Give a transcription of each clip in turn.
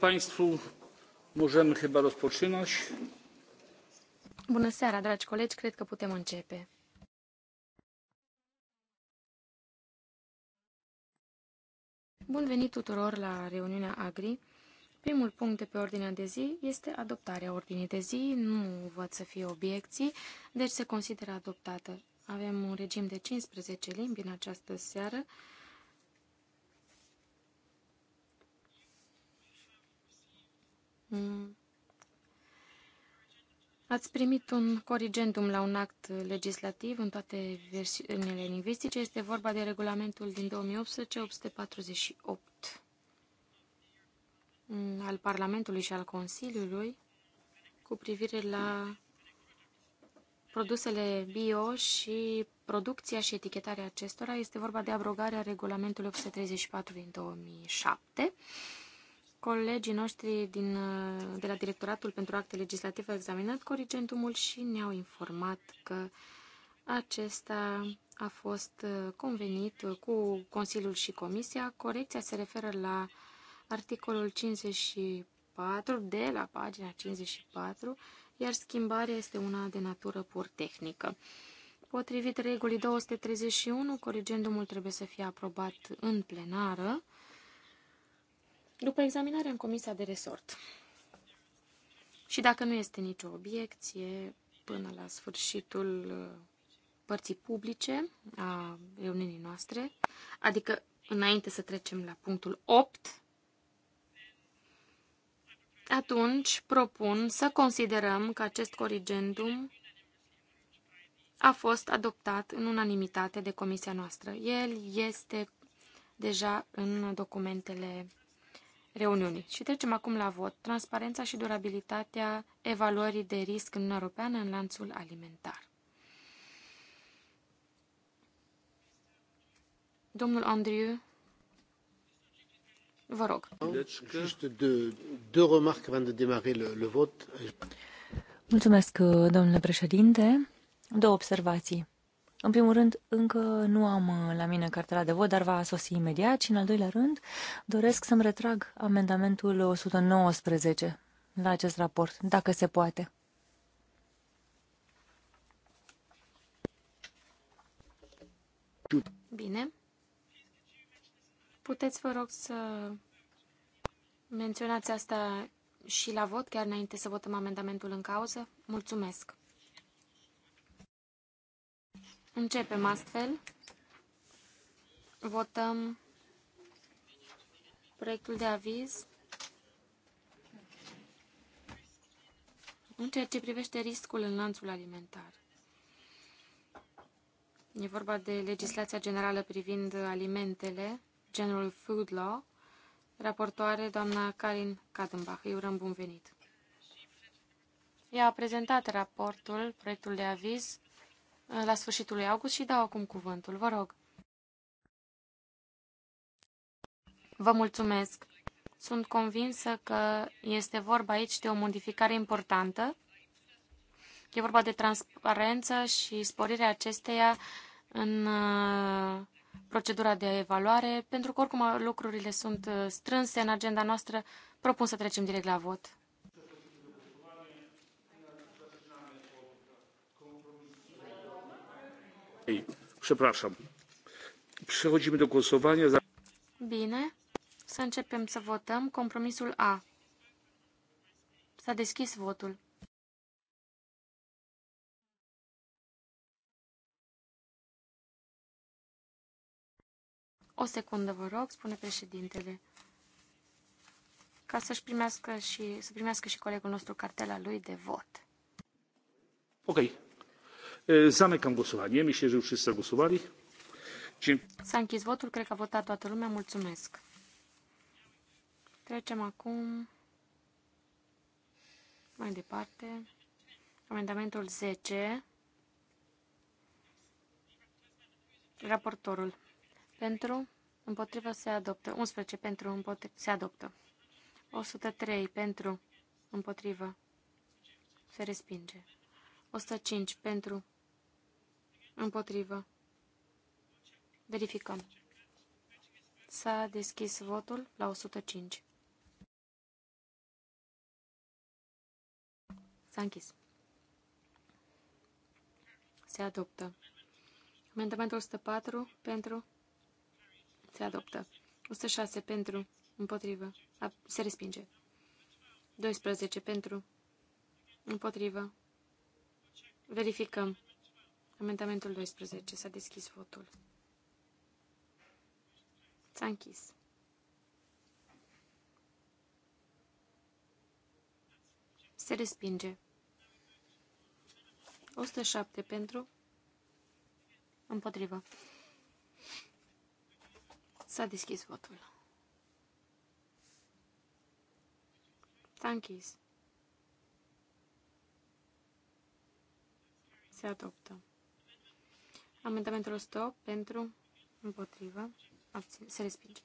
Państwu, możemy chyba rozpoczynać. Bună seara, dragi colegi, cred că putem începe. Bun venit tuturor la reuniunea AGRI. Primul punct de pe ordinea de zi este adoptarea ordinii de zi. Nu văd să fie obiecții, deci se consideră adoptată. Avem un regim de 15 limbi în această seară. Mm. Ați primit un corigendum la un act legislativ în toate versiunile lingvistice. Este vorba de regulamentul din 2018 848 mm, al Parlamentului și al Consiliului cu privire la produsele bio și producția și etichetarea acestora. Este vorba de abrogarea regulamentului 834 din 2007 Colegii noștri din, uh, de la Directoratul pentru Acte Legislative au examinat corigentumul și ne-au informat că acesta a fost uh, convenit uh, cu Consiliul și Comisia. Corecția se referă la articolul 54, de la pagina 54, iar schimbarea este una de natură pur tehnică. Potrivit regulii 231, corigendumul trebuie să fie aprobat în plenară după examinarea în comisia de resort și dacă nu este nicio obiecție până la sfârșitul uh, părții publice a reuniunii noastre, adică înainte să trecem la punctul 8, atunci propun să considerăm că acest corigendum a fost adoptat în unanimitate de comisia noastră. El este deja în documentele reuniunii. Și trecem acum la vot. Transparența și durabilitatea evaluării de risc în Uniunea Europeană în lanțul alimentar. Domnul Andriu, vă rog. de vot. Mulțumesc, domnule președinte. Două observații. În primul rând, încă nu am uh, la mine cartela de vot, dar va sosi imediat. Și în al doilea rând, doresc să-mi retrag amendamentul 119 la acest raport, dacă se poate. Bine. Puteți, vă rog, să menționați asta și la vot, chiar înainte să votăm amendamentul în cauză? Mulțumesc! Începem astfel. Votăm proiectul de aviz în ceea ce privește riscul în lanțul alimentar. E vorba de legislația generală privind alimentele, General Food Law, raportoare doamna Karin Kadenbach. Îi urăm bun venit. Ea a prezentat raportul, proiectul de aviz, la sfârșitul lui august și dau acum cuvântul. Vă rog. Vă mulțumesc. Sunt convinsă că este vorba aici de o modificare importantă. E vorba de transparență și sporirea acesteia în uh, procedura de evaluare, pentru că oricum lucrurile sunt uh, strânse în agenda noastră. Propun să trecem direct la vot. Przepraszam. Przechodzimy do głosowania. Bine. Să începem să votăm compromisul A. S-a deschis votul. O secundă, vă rog, spune președintele. Ca să-și primească și, să primească și colegul nostru cartela lui de vot. Ok, Zamecam głosowanie. Myślę, że już wszyscy głosowali. S-a închis votul, cred că a votat toată lumea, mulțumesc. Trecem acum mai departe. Amendamentul 10. Raportorul. Pentru, împotriva se adoptă. 11 pentru, împotriva se adoptă. 103 pentru, împotriva se respinge. 105 pentru, Împotrivă. Verificăm. S-a deschis votul la 105. S-a închis. Se adoptă. Amendamentul 104 pentru. Se adoptă. 106 pentru. Împotrivă. Se respinge. 12 pentru. Împotrivă. Verificăm. Amendamentul 12. S-a deschis votul. S-a închis. Se respinge. 107 pentru. Împotrivă. S-a deschis votul. S-a închis. Se adoptă. Amendamentul 100 pentru, împotrivă, abține, se respinge.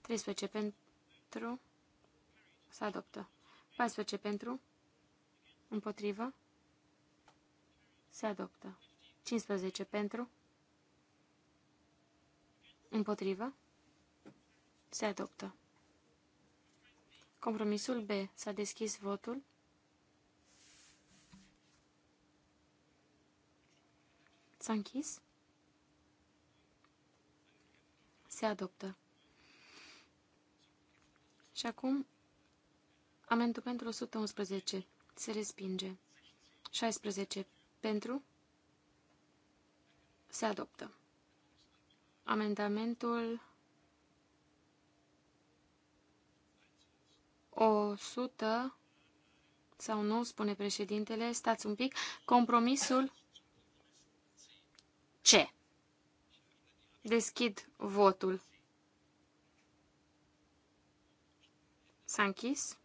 13 pentru, se adoptă. 14 pentru, împotrivă, se adoptă. 15 pentru, împotrivă, se adoptă. Compromisul B. S-a deschis votul. S-a închis. se adoptă. Și acum, amendul pentru 111 se respinge. 16 pentru se adoptă. Amendamentul 100 sau nu, spune președintele, stați un pic, compromisul C. Deschid votul. S-a închis.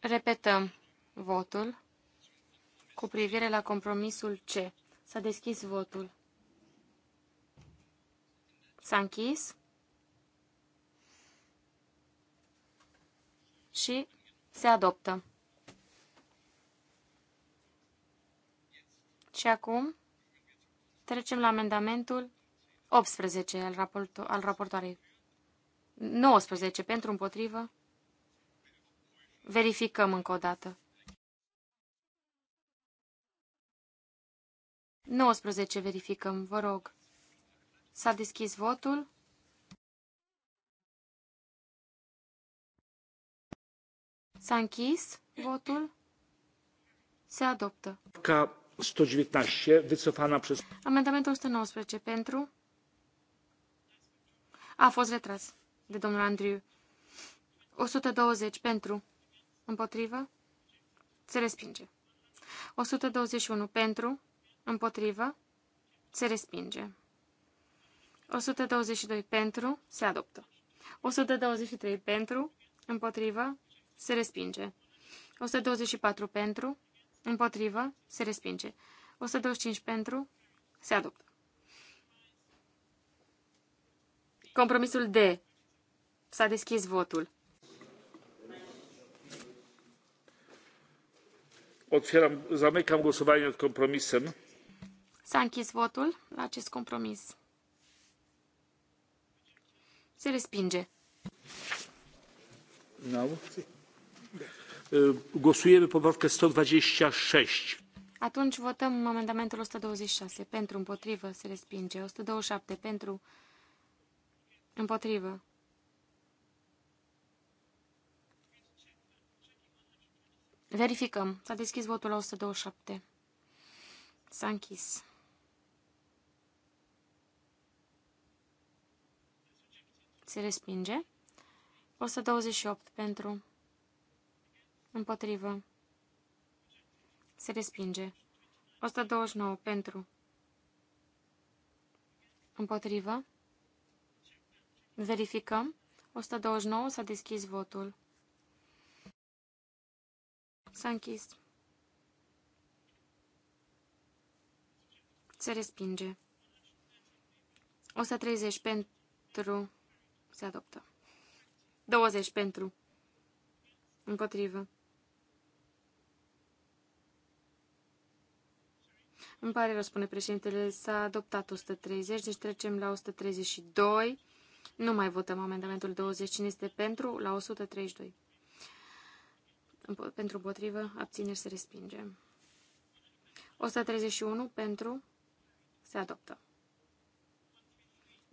Repetăm votul cu privire la compromisul C. S-a deschis votul. S-a închis. și se adoptă. Și acum trecem la amendamentul 18 al, raporto al raportoarei. 19 pentru împotrivă. Verificăm încă o dată. 19 verificăm, vă rog. S-a deschis votul. S-a închis votul. Se adoptă. Ca 119, wycofana prez... Amendamentul 119 pentru... A fost retras de domnul Andriu. 120 pentru... Împotrivă? Se respinge. 121 pentru... Împotrivă? Se respinge. 122 pentru... Se adoptă. 123 pentru... Împotrivă? se respinge. 124 pentru, împotrivă, se respinge. 125 pentru, se adoptă. Compromisul D. S-a deschis votul. Otwieram, zamykam głosowanie nad kompromisem. S-a închis votul la acest compromis. Se respinge. Now. Głosujemy poprawkę 126. Atunci votăm amendamentul 126. Pentru, împotrivă, se respinge. 127. Pentru, împotrivă. Verificăm. S-a deschis votul la 127. S-a închis. Se respinge. 128 pentru Împotrivă. Se respinge. 129. Pentru. Împotrivă. Verificăm. 129. S-a deschis votul. S-a închis. Se respinge. 130 pentru. Se adoptă. 20 pentru. Împotrivă. Îmi pare rău, spune președintele, s-a adoptat 130, deci trecem la 132. Nu mai votăm amendamentul 20. Cine este pentru? La 132. Pentru potrivă, abțineri se respinge. 131 pentru se adoptă.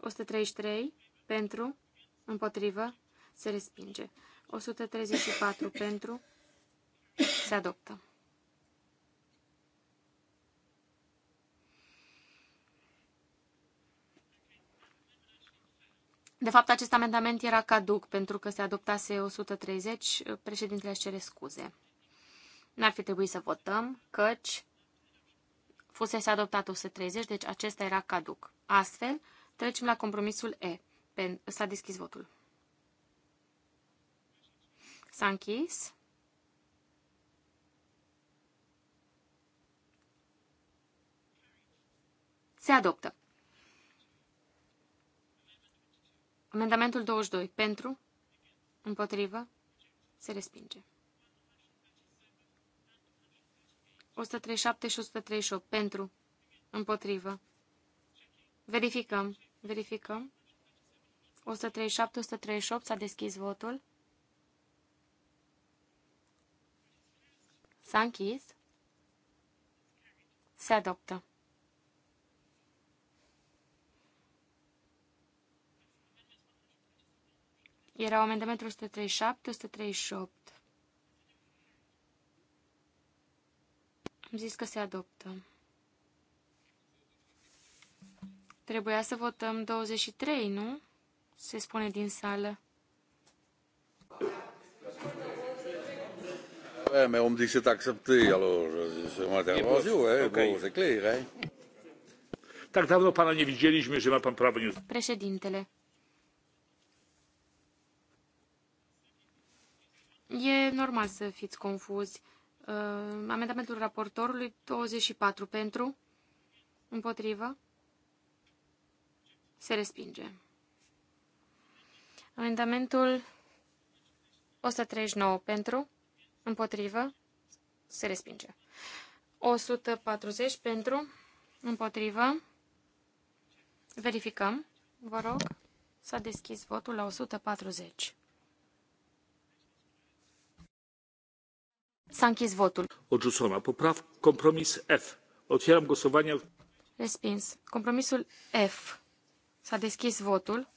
133 pentru împotrivă se respinge. 134 pentru se adoptă. De fapt, acest amendament era caduc pentru că se adoptase 130. Președintele își cere scuze. N-ar fi trebuit să votăm, căci fusese adoptat 130, deci acesta era caduc. Astfel, trecem la compromisul E. S-a deschis votul. S-a închis. Se adoptă. Amendamentul 22. Pentru? Împotrivă? Se respinge. 137 și 138. Pentru? Împotrivă? Verificăm. Verificăm. 137, 138. S-a deschis votul. S-a închis. Se adoptă. Erau amendamentul 137, 138. Am zis că se adoptă. Trebuia să votăm 23, nu? Se spune din sală. Ouais, eh, mais on me dit que c'est accepté, alors c'est moi intervenu, hein, okay. bon, c'est Tak dawno pana nie widzieliśmy, że ma pan prawo nie... Președintele, E normal să fiți confuzi. Uh, amendamentul raportorului 24 pentru, împotrivă, se respinge. Amendamentul 139 pentru, împotrivă, se respinge. 140 pentru, împotrivă, verificăm, vă rog, s-a deschis votul la 140. S-a închis votul. Odrzucona. poprav compromis F. Otwieram głosowanie. Respins. Compromisul F. S-a deschis votul.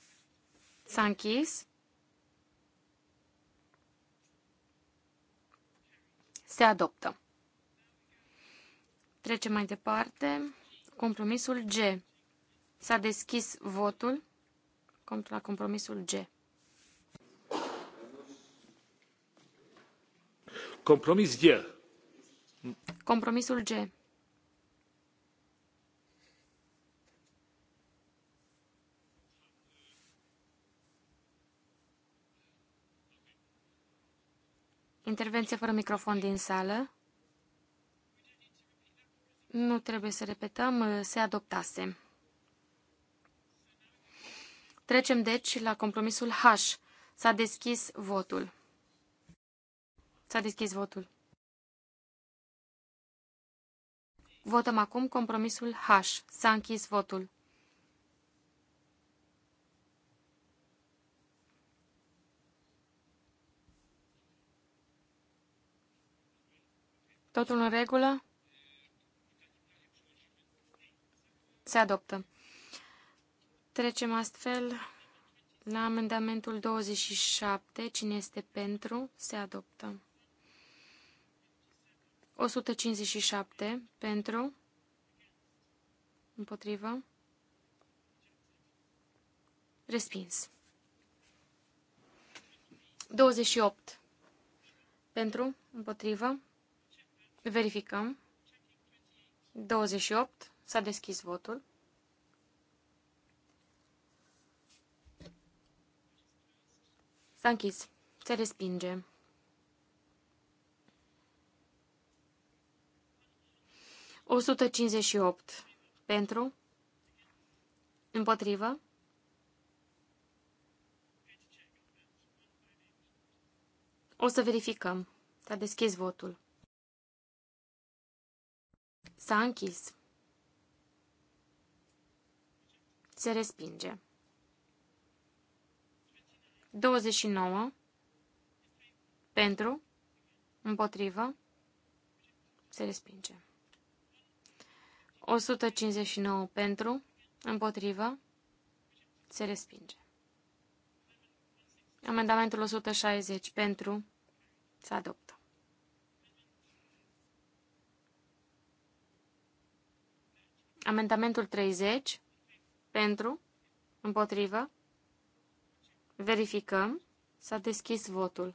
S-a închis. Se adoptă. Trecem mai departe. Compromisul G. S-a deschis votul la compromisul G. Compromis G. Compromisul G. Intervenție fără microfon din sală. Nu trebuie să repetăm, se adoptase. Trecem deci la compromisul H. S-a deschis votul. S-a deschis votul. Votăm acum compromisul H. S-a închis votul. Totul în regulă? Se adoptă. Trecem astfel la amendamentul 27. Cine este pentru? Se adoptă. 157 pentru, împotrivă, respins. 28 pentru, împotrivă, verificăm. 28, s-a deschis votul. S-a închis, se respinge. 158. Pentru? Împotrivă? O să verificăm. S-a deschis votul. S-a închis. Se respinge. 29. Pentru? Împotrivă? Se respinge. 159 pentru, împotrivă, se respinge. Amendamentul 160 pentru, se adoptă. Amendamentul 30 pentru, împotrivă, verificăm, s-a deschis votul.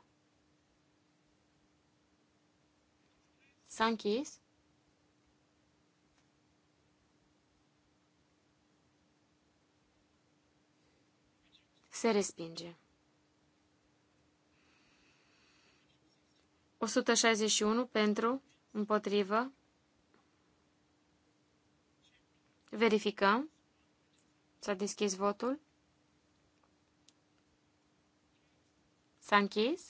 S-a închis. Se respinge. 161 pentru, împotrivă. Verificăm. S-a deschis votul. S-a închis.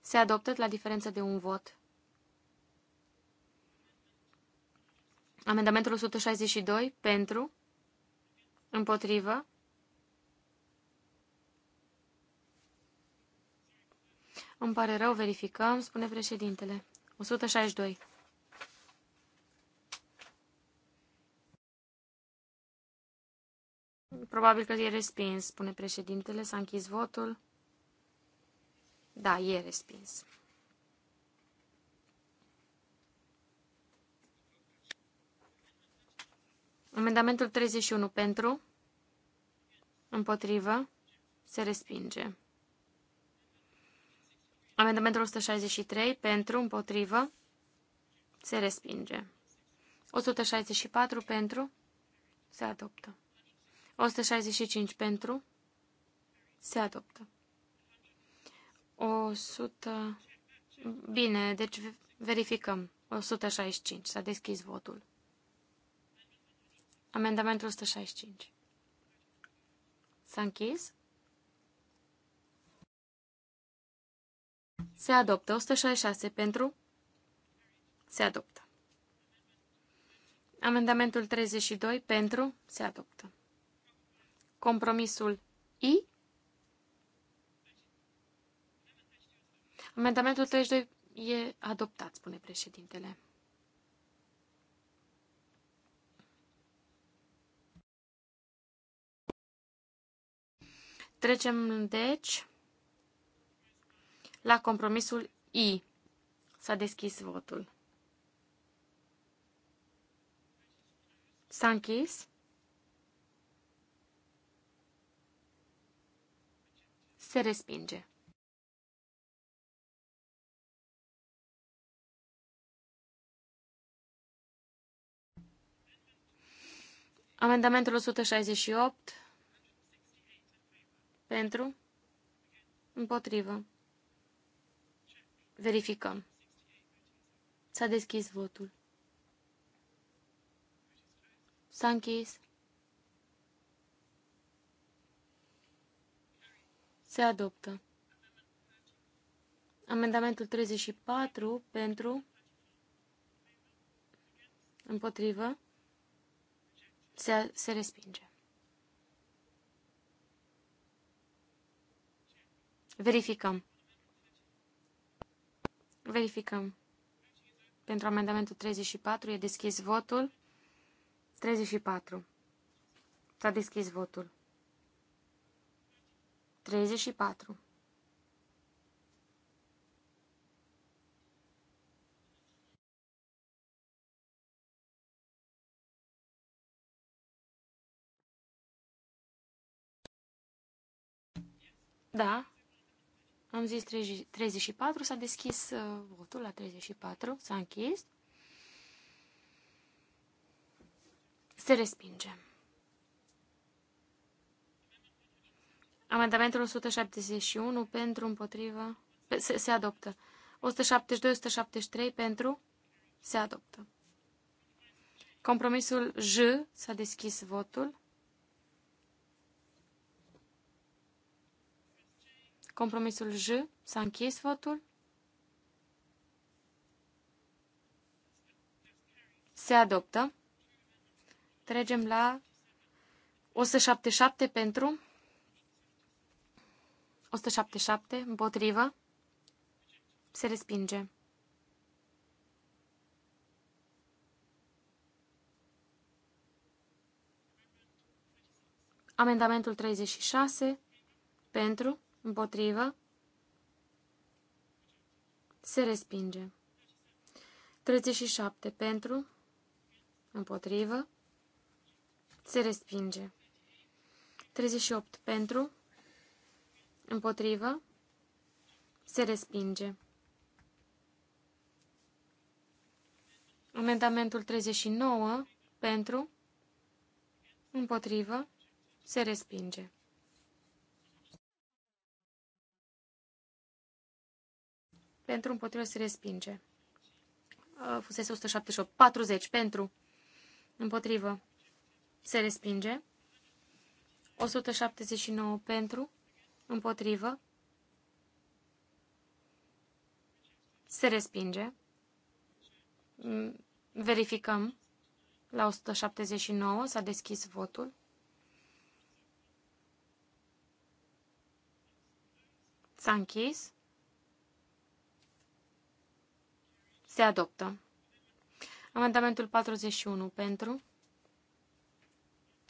Se adoptă la diferență de un vot. Amendamentul 162 pentru, Împotrivă. Îmi pare rău, verificăm, spune președintele. 162. Probabil că e respins, spune președintele. S-a închis votul. Da, e respins. Amendamentul 31 pentru, împotrivă, se respinge. Amendamentul 163 pentru, împotrivă, se respinge. 164 pentru, se adoptă. 165 pentru, se adoptă. 100. Bine, deci verificăm. 165. S-a deschis votul. Amendamentul 165. S-a închis. Se adoptă. 166 pentru. Se adoptă. Amendamentul 32 pentru. Se adoptă. Compromisul I. Amendamentul 32 e adoptat, spune președintele. Trecem, deci, la compromisul I. S-a deschis votul. S-a închis. Se respinge. Amendamentul 168 pentru? Împotrivă. Verificăm. S-a deschis votul. S-a închis. Se adoptă. Amendamentul 34 pentru împotrivă se, se respinge. Verificăm. Verificăm. Pentru amendamentul 34 e deschis votul. 34. S-a deschis votul. 34. Da, am zis 34, s-a deschis uh, votul la 34, s-a închis. Se respinge. Amendamentul 171 pentru împotrivă se, se adoptă. 172-173 pentru se adoptă. Compromisul J s-a deschis votul. Compromisul J. S-a închis votul. Se adoptă. Trecem la 177 pentru. 177 împotrivă. Se respinge. Amendamentul 36 pentru Împotrivă. Se respinge. 37. Pentru. Împotrivă. Se respinge. 38. Pentru. Împotrivă. Se respinge. Amendamentul 39. Pentru. Împotrivă. Se respinge. pentru împotrivă se respinge. Uh, fusese 178. 40 pentru împotrivă se respinge. 179 pentru împotrivă se respinge. Mm, verificăm. La 179 s-a deschis votul. S-a închis. Se adoptă. Amendamentul 41 pentru.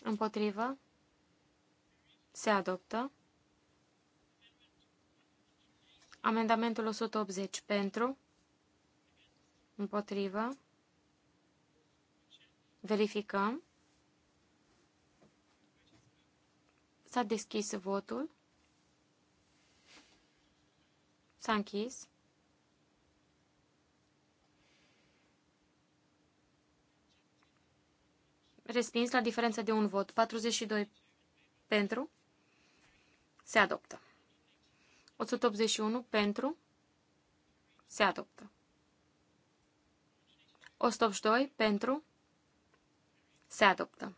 Împotrivă. Se adoptă. Amendamentul 180 pentru. Împotrivă. Verificăm. S-a deschis votul. S-a închis. Respins la diferență de un vot. 42 pentru. Se adoptă. 181 pentru. Se adoptă. 182 pentru. Se adoptă.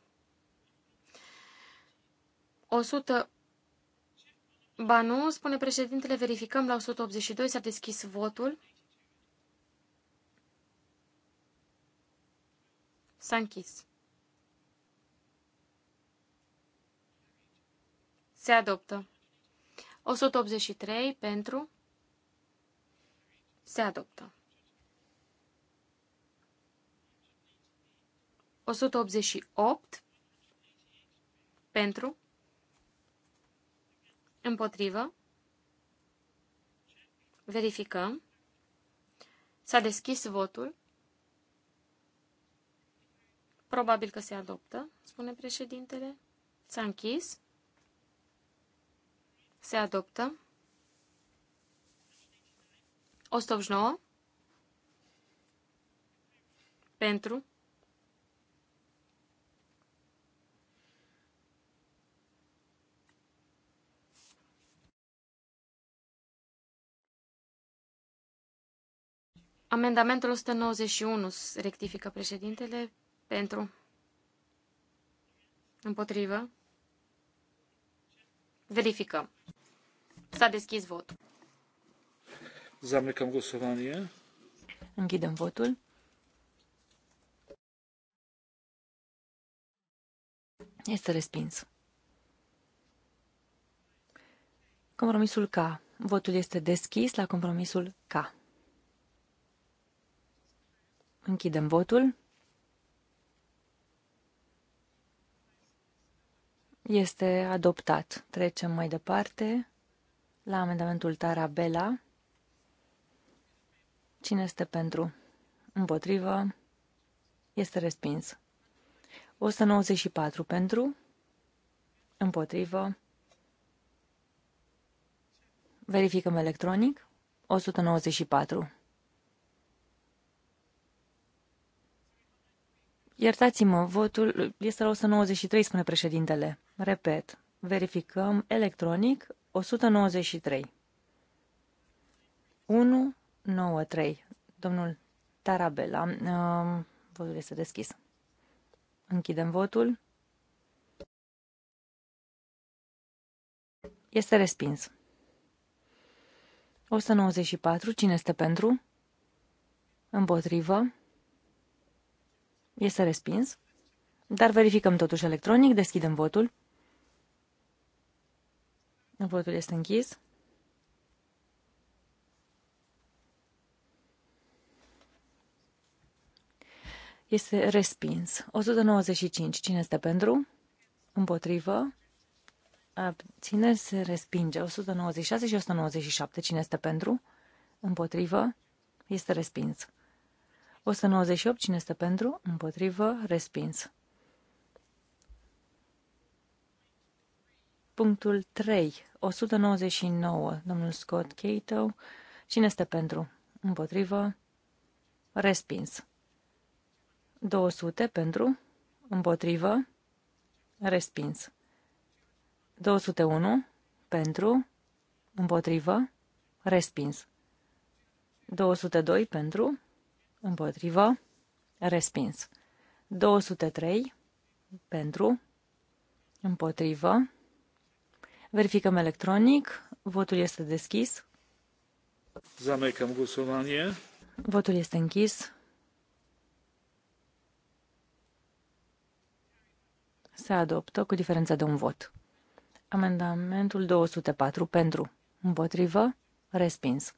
100. Ba nu, spune președintele, verificăm la 182, s-a deschis votul. S-a închis. Se adoptă. 183 pentru. Se adoptă. 188 pentru. Împotrivă. Verificăm. S-a deschis votul. Probabil că se adoptă, spune președintele. S-a închis. Se adoptă. 189. Pentru. Amendamentul 191 rectifică președintele pentru. Împotrivă. Verificăm. S-a deschis votul. Zamykam głosowanie. Închidem votul. Este respins. Compromisul K. Votul este deschis la compromisul K. Închidem votul. Este adoptat. Trecem mai departe la amendamentul Tarabella. Cine este pentru? Împotrivă. Este respins. 194 pentru. Împotrivă. Verificăm electronic. 194. Iertați-mă, votul este la 193, spune președintele. Repet, verificăm electronic 193. 193. Domnul Tarabella, votul este deschis. Închidem votul. Este respins. 194. Cine este pentru? Împotrivă. Este respins. Dar verificăm totuși electronic. Deschidem votul. Votul este închis. Este respins. 195. Cine este pentru? Împotrivă. Abțineri se respinge. 196 și 197. Cine este pentru? Împotrivă. Este respins. 198. Cine este pentru? Împotrivă. Respins. Punctul 3. 199. Domnul Scott Cato. Cine este pentru? Împotrivă. Respins. 200 pentru. Împotrivă. Respins. 201 pentru. Împotrivă. Respins. 202 pentru. Împotrivă. Respins. 203 pentru. Împotrivă. Verificăm electronic. Votul este deschis. Zamecăm głosowanie. Votul este închis. Se adoptă cu diferența de un vot. Amendamentul 204 pentru, împotrivă, respins.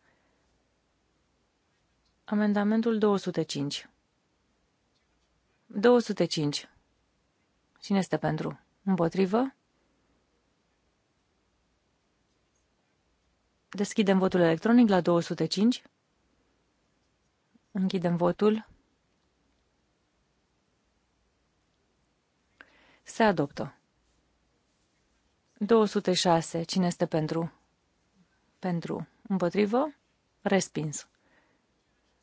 Amendamentul 205. 205. Cine este pentru? Împotrivă? Deschidem votul electronic la 205. Închidem votul. Se adoptă. 206. Cine este pentru? Pentru. Împotrivă? Respins.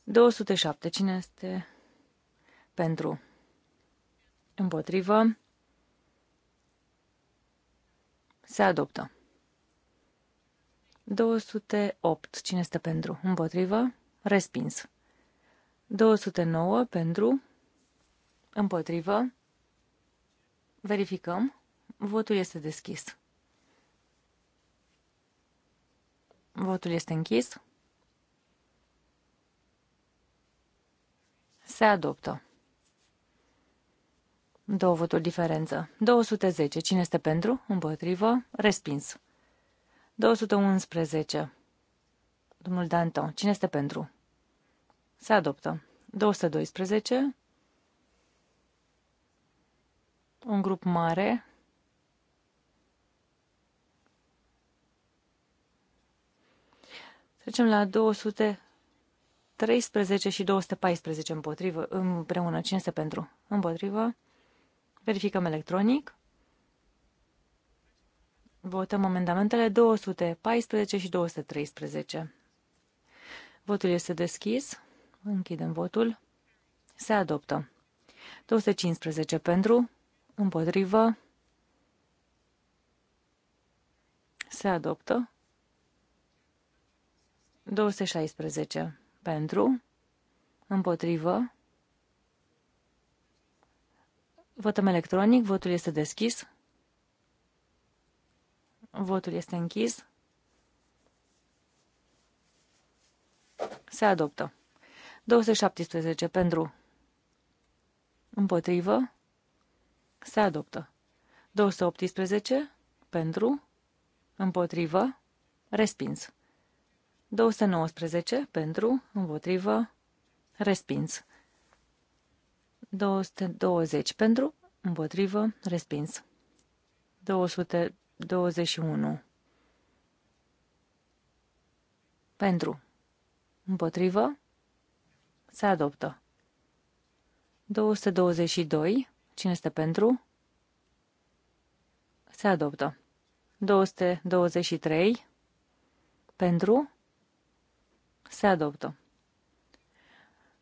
207. Cine este pentru? Împotrivă? Se adoptă. 208. Cine este pentru? Împotrivă? Respins. 209 pentru? Împotrivă? Verificăm. Votul este deschis. Votul este închis. Se adoptă. Două voturi diferență. 210. Cine este pentru? Împotrivă? Respins. 211. Domnul Danton. Cine este pentru? Se adoptă. 212. Un grup mare. Trecem la 213 și 214 împotrivă, împreună. Cine este pentru? Împotrivă. Verificăm electronic. Votăm amendamentele 214 și 213. Votul este deschis. Închidem votul. Se adoptă. 215 pentru, împotrivă, se adoptă. 216 pentru, împotrivă, votăm electronic, votul este deschis. Votul este închis. Se adoptă. 217 pentru. Împotrivă. Se adoptă. 218 pentru. Împotrivă. Respins. 219 pentru. Împotrivă. Respins. 220 pentru. Împotrivă. Respins. 200 21. Pentru. Împotrivă. Se adoptă. 222. Cine este pentru? Se adoptă. 223. Pentru? Se adoptă.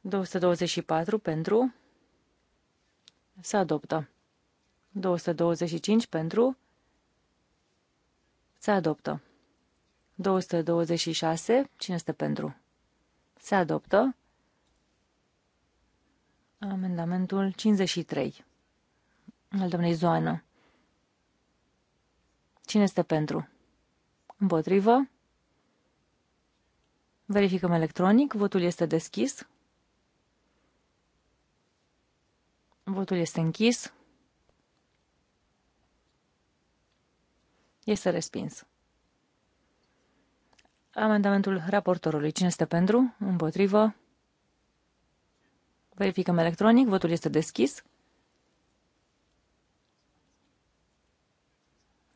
224. Pentru? Se adoptă. 225. Pentru? Se adoptă. 226. Cine este pentru? Se adoptă. Amendamentul 53 al domnei Zoană. Cine este pentru? Împotrivă? Verificăm electronic. Votul este deschis. Votul este închis. Este respins. Amendamentul raportorului. Cine este pentru? Împotrivă? Verificăm electronic. Votul este deschis.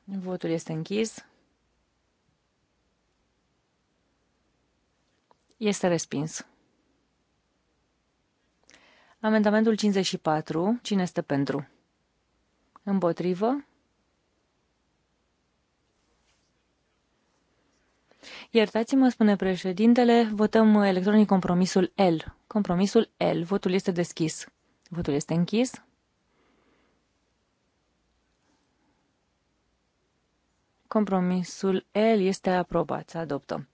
Votul este închis. Este respins. Amendamentul 54. Cine este pentru? Împotrivă? Iertați-mă, spune președintele, votăm electronic compromisul L. Compromisul L. Votul este deschis. Votul este închis. Compromisul L este aprobat. Se adoptă.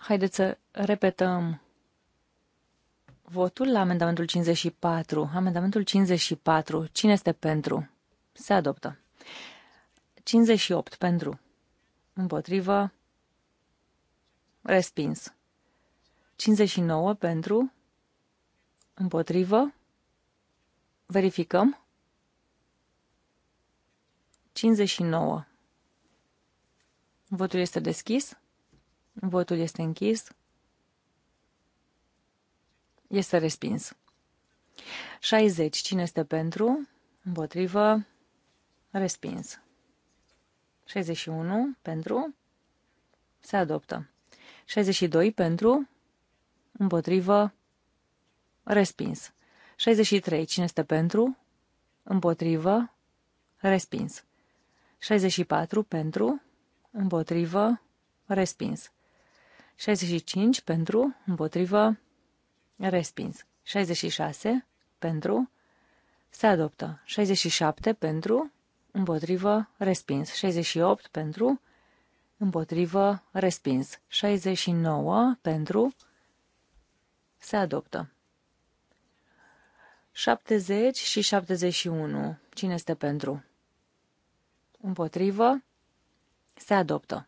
Haideți să repetăm votul la amendamentul 54. Amendamentul 54. Cine este pentru? Se adoptă. 58 pentru. Împotrivă. Respins. 59 pentru. Împotrivă. Verificăm. 59. Votul este deschis. Votul este închis. Este respins. 60. Cine este pentru? Împotrivă. Respins. 61. Pentru. Se adoptă. 62. Pentru. Împotrivă. Respins. 63. Cine este pentru? Împotrivă. Respins. 64. Pentru. Împotrivă. Respins. 65 pentru, împotrivă, respins. 66 pentru, se adoptă. 67 pentru, împotrivă, respins. 68 pentru, împotrivă, respins. 69 pentru, se adoptă. 70 și 71. Cine este pentru? Împotrivă, se adoptă.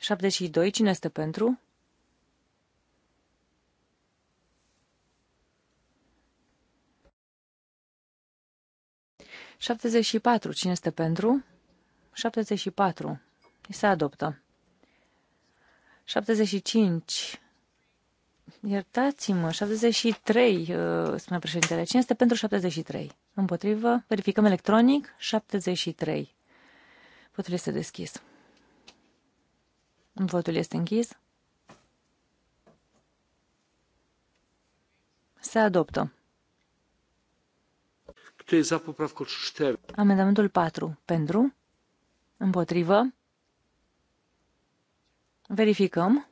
72. Cine este pentru? 74 Cine este pentru? 74. Se adoptă. 75, Iertați-mă, 73, uh, spune președintele. Cine este pentru 73? Împotrivă? Verificăm electronic. 73. Votul este deschis. Votul este închis. Se adoptă. Amendamentul 4. Pentru. Împotrivă. Verificăm.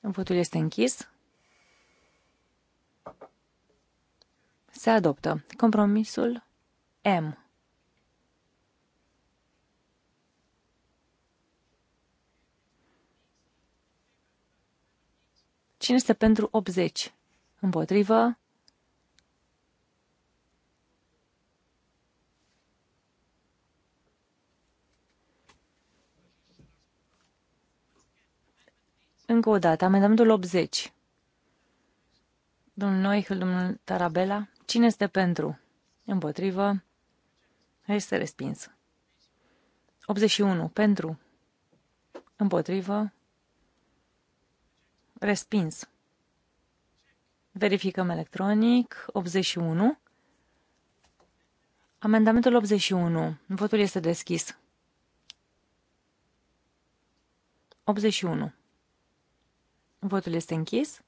Votul este închis. Se adoptă. Compromisul M. Cine este pentru 80? Împotrivă. Încă o dată, amendamentul 80. Domnul Noichel, domnul Tarabela, cine este pentru? Împotrivă. Este respins. 81. Pentru. Împotrivă. Respins. Verificăm electronic. 81. Amendamentul 81. Votul este deschis. 81. Votul este închis.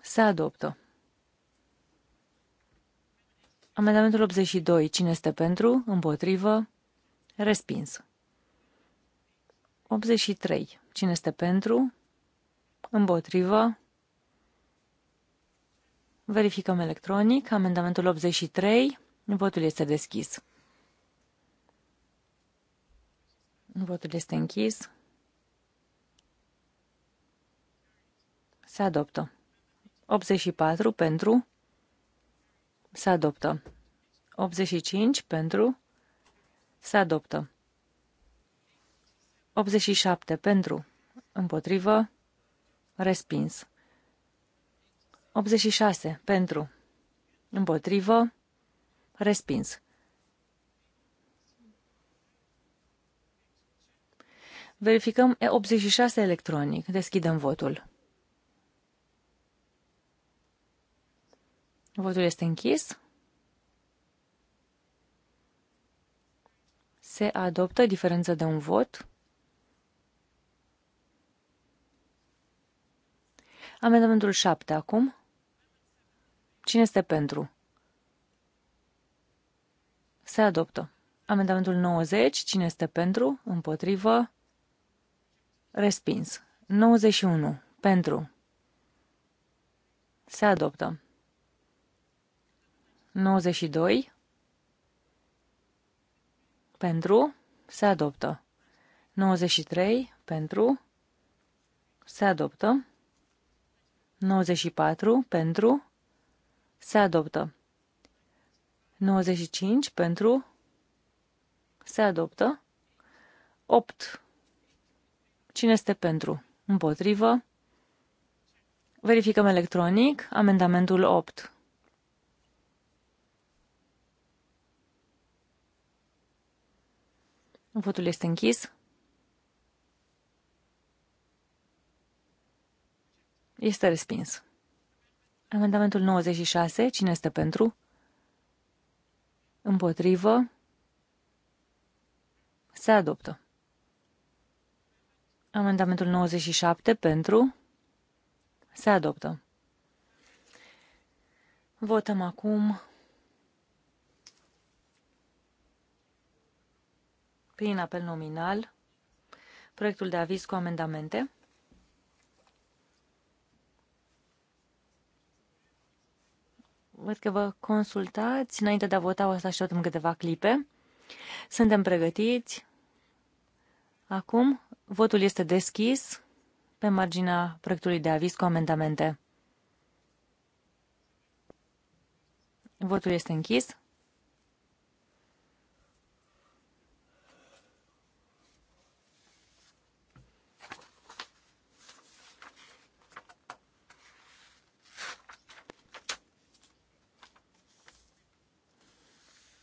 Se adoptă. Amendamentul 82. Cine este pentru? Împotrivă? Respins. 83. Cine este pentru? Împotrivă? Verificăm electronic. Amendamentul 83. Votul este deschis. Votul este închis. Se adoptă. 84 pentru. Se adoptă. 85 pentru. Se adoptă. 87 pentru, împotrivă, respins. 86 pentru, împotrivă, respins. Verificăm E86 electronic. Deschidem votul. Votul este închis. Se adoptă diferență de un vot. Amendamentul 7 acum. Cine este pentru? Se adoptă. Amendamentul 90. Cine este pentru? Împotrivă. Respins. 91. Pentru. Se adoptă. 92. Pentru. Se adoptă. 93. Pentru. Se adoptă. 94 pentru, se adoptă. 95 pentru, se adoptă. 8. Cine este pentru? Împotrivă. Verificăm electronic amendamentul 8. Votul este închis. Este respins. Amendamentul 96. Cine este pentru? Împotrivă. Se adoptă. Amendamentul 97. Pentru. Se adoptă. Votăm acum prin apel nominal proiectul de aviz cu amendamente. Văd că vă consultați. Înainte de a vota, o să așteptăm câteva clipe. Suntem pregătiți. Acum, votul este deschis pe marginea proiectului de aviz cu amendamente. Votul este închis.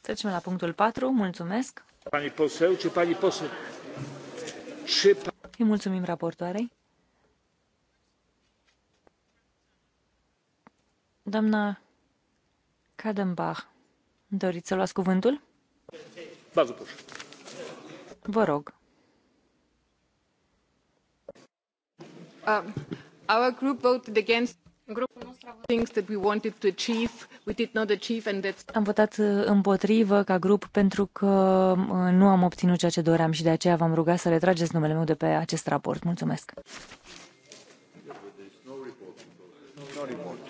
Trecem la punctul 4. Mulțumesc. Pani poseu, ce pani poseu? Ce... Îi mulțumim raportoarei. Doamna Kadenbach, doriți să luați cuvântul? Bardzo proszę. Vă rog. Um, our group voted against am votat uh, împotrivă ca grup pentru că uh, nu am obținut ceea ce doream și de aceea v-am rugat să retrageți numele meu de pe acest raport. Mulțumesc.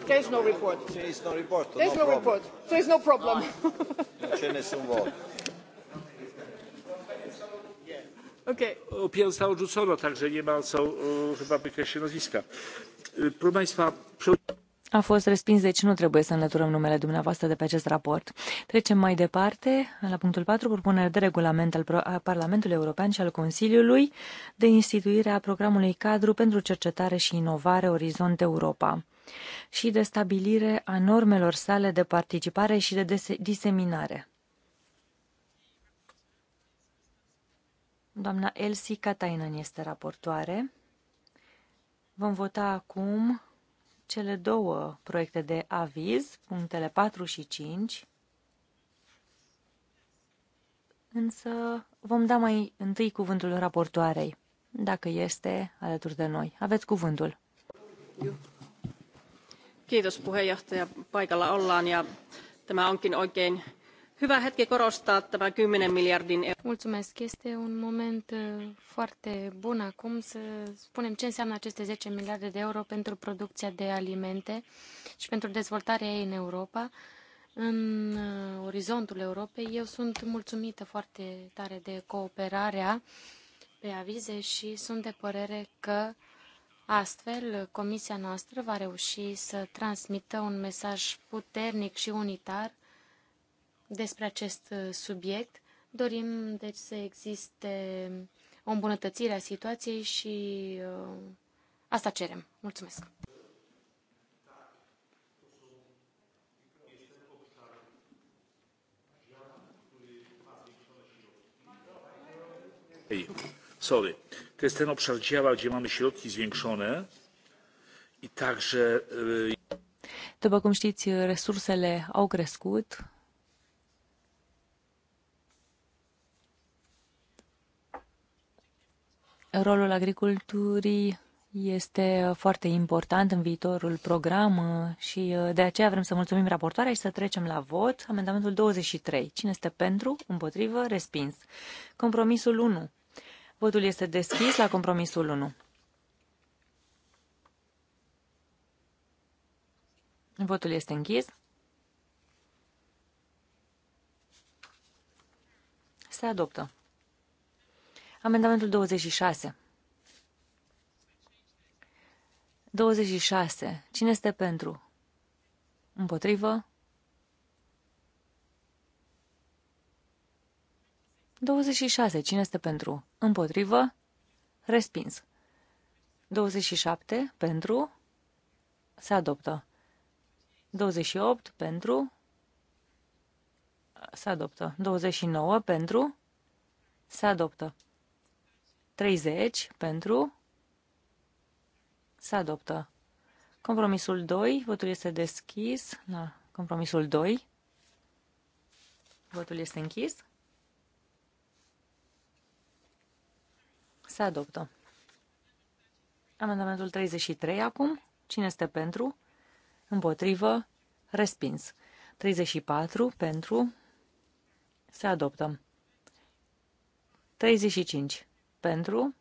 There is no report. There is no report. There is no report. There is no problem. Ah. Okay. Opinia została odrzucona, także nie ma co chyba wykreślić nazwiska a fost respins, deci nu trebuie să înlăturăm numele dumneavoastră de pe acest raport. Trecem mai departe la punctul 4, propunere de regulament al Parlamentului European și al Consiliului de instituire a programului cadru pentru cercetare și inovare Orizont Europa și de stabilire a normelor sale de participare și de diseminare. Doamna Elsie Katainen este raportoare. Vom vota acum cele două proiecte de aviz, punctele 4 și 5, însă vom da mai întâi cuvântul raportoarei, dacă este alături de noi. Aveți cuvântul. Kiitos puheenjohtaja, paikalla ollaan ja tämä onkin oikein Mulțumesc. Este un moment uh, foarte bun acum să spunem ce înseamnă aceste zece miliarde de euro pentru producția de alimente și pentru dezvoltarea ei în Europa. În uh, orizontul Europei, eu sunt mulțumită foarte tare de cooperarea pe avize și sunt de părere că astfel comisia noastră va reuși să transmită un mesaj puternic și unitar despre acest uh, subiect. Dorim, deci, să existe o îmbunătățire a situației și uh, asta cerem. Mulțumesc! Sorry. To jest ten obszar działa, gdzie mamy środki zwiększone i także... După cum știți, resursele au crescut rolul agriculturii este foarte important în viitorul program uh, și uh, de aceea vrem să mulțumim raportoarea și să trecem la vot. Amendamentul 23. Cine este pentru? Împotrivă? Respins. Compromisul 1. Votul este deschis la compromisul 1. Votul este închis. Se adoptă. Amendamentul 26. 26. Cine este pentru? Împotrivă? 26. Cine este pentru? Împotrivă? Respins. 27. Pentru? Se adoptă. 28. Pentru? Se adoptă. 29. Pentru? Se adoptă. 30 pentru. Se adoptă. Compromisul 2. Votul este deschis. La compromisul 2. Votul este închis. Se adoptă. Amendamentul 33 acum. Cine este pentru? Împotrivă. Respins. 34 pentru. Se adoptă. 35 pentru,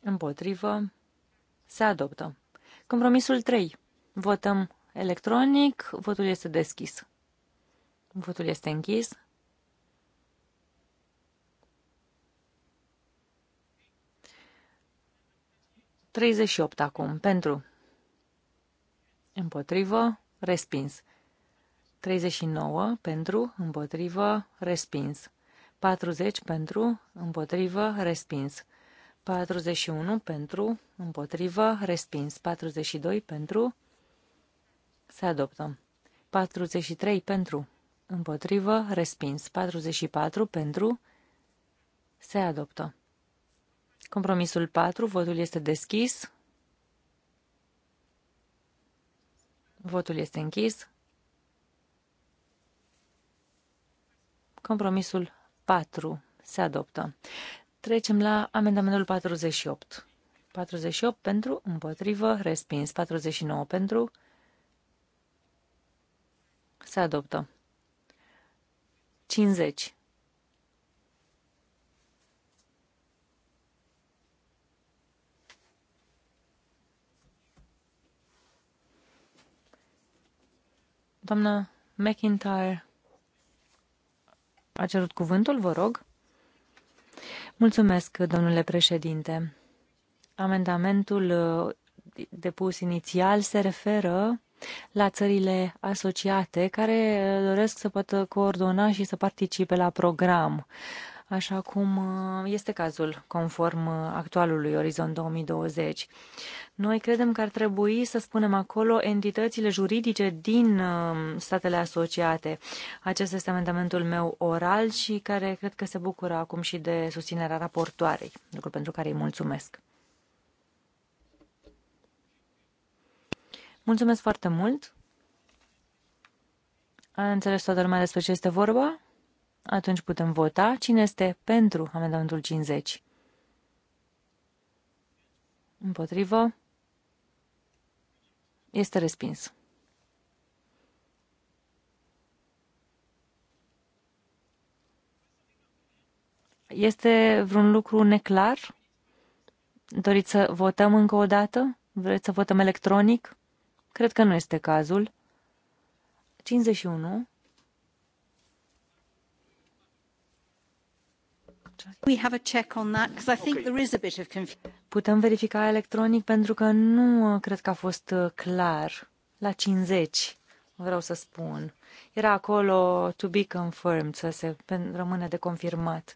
împotrivă, se adoptă. Compromisul 3. Votăm electronic, votul este deschis. Votul este închis. Treizeci și opt acum. Pentru. Împotrivă. Respins. 39 pentru, împotrivă, respins. 40 pentru, împotrivă, respins. 41 pentru, împotrivă, respins. 42 pentru, se adoptă. 43 pentru, împotrivă, respins. 44 pentru, se adoptă. Compromisul 4, votul este deschis. Votul este închis. Compromisul 4. Se adoptă. Trecem la amendamentul 48. 48 pentru, împotrivă, respins. 49 pentru, se adoptă. 50. Doamna McIntyre, a cerut cuvântul, vă rog? Mulțumesc, domnule președinte. Amendamentul uh, depus inițial se referă la țările asociate care uh, doresc să poată coordona și să participe la program așa cum uh, este cazul conform uh, actualului Orizont 2020. Noi credem că ar trebui să spunem acolo entitățile juridice din uh, statele asociate. Acesta este amendamentul meu oral și care cred că se bucură acum și de susținerea raportoarei, lucru pentru care îi mulțumesc. Mulțumesc foarte mult! A înțeles toată lumea despre ce este vorba? Atunci putem vota cine este pentru amendamentul 50. Împotrivă. Este respins. Este vreun lucru neclar? Doriți să votăm încă o dată? Vreți să votăm electronic? Cred că nu este cazul. 51. Putem verifica electronic pentru că nu uh, cred că a fost uh, clar la 50, vreau să spun. Era acolo to be confirmed, să se rămâne de confirmat.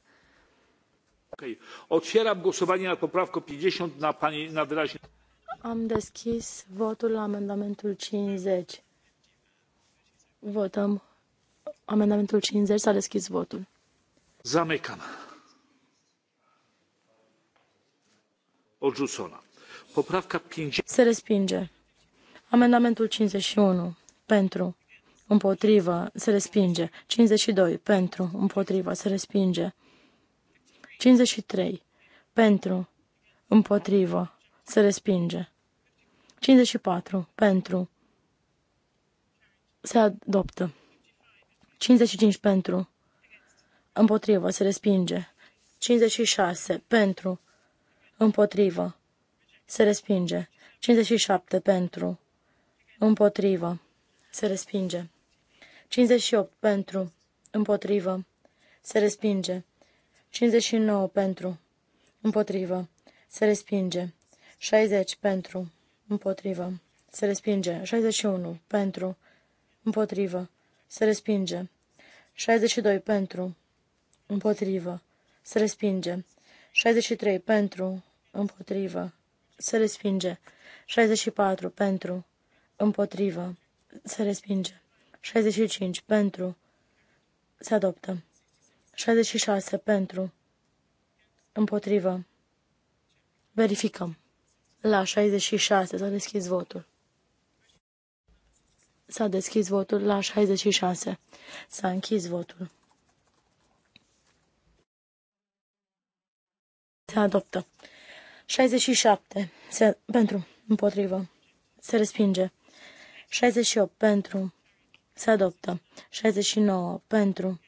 Okay. Otwieram głosowanie nad poprawką 50 na pani na wyraźnie. Am deschis votul la amendamentul 50. Votăm amendamentul 50, s-a deschis votul. Zamecam. Odrzucona. Poprawka 50. Se respinge. Amendamentul 51. Pentru. Împotrivă. Se respinge. 52. Pentru. Împotrivă. Se respinge. 53. Pentru. Împotrivă. Se respinge. 54. Pentru. Se adoptă. 55. Pentru. Împotrivă. Se respinge. 56. Pentru împotrivă, se respinge. 57 pentru, împotrivă, se respinge. 58 pentru, împotrivă, se respinge. 59 pentru, împotrivă, se respinge. 60 pentru, împotrivă, se respinge. 61 pentru, împotrivă, se respinge. 62 pentru, împotrivă, se respinge. 63 pentru, împotrivă, se respinge. 64 pentru, împotrivă, se respinge. 65 pentru, se adoptă. 66 pentru, împotrivă. Verificăm. La 66 s-a deschis votul. S-a deschis votul la 66. S-a închis votul. Se adoptă. 67. Se, pentru. Împotrivă. Se respinge. 68. Pentru. Se adoptă. 69. Pentru.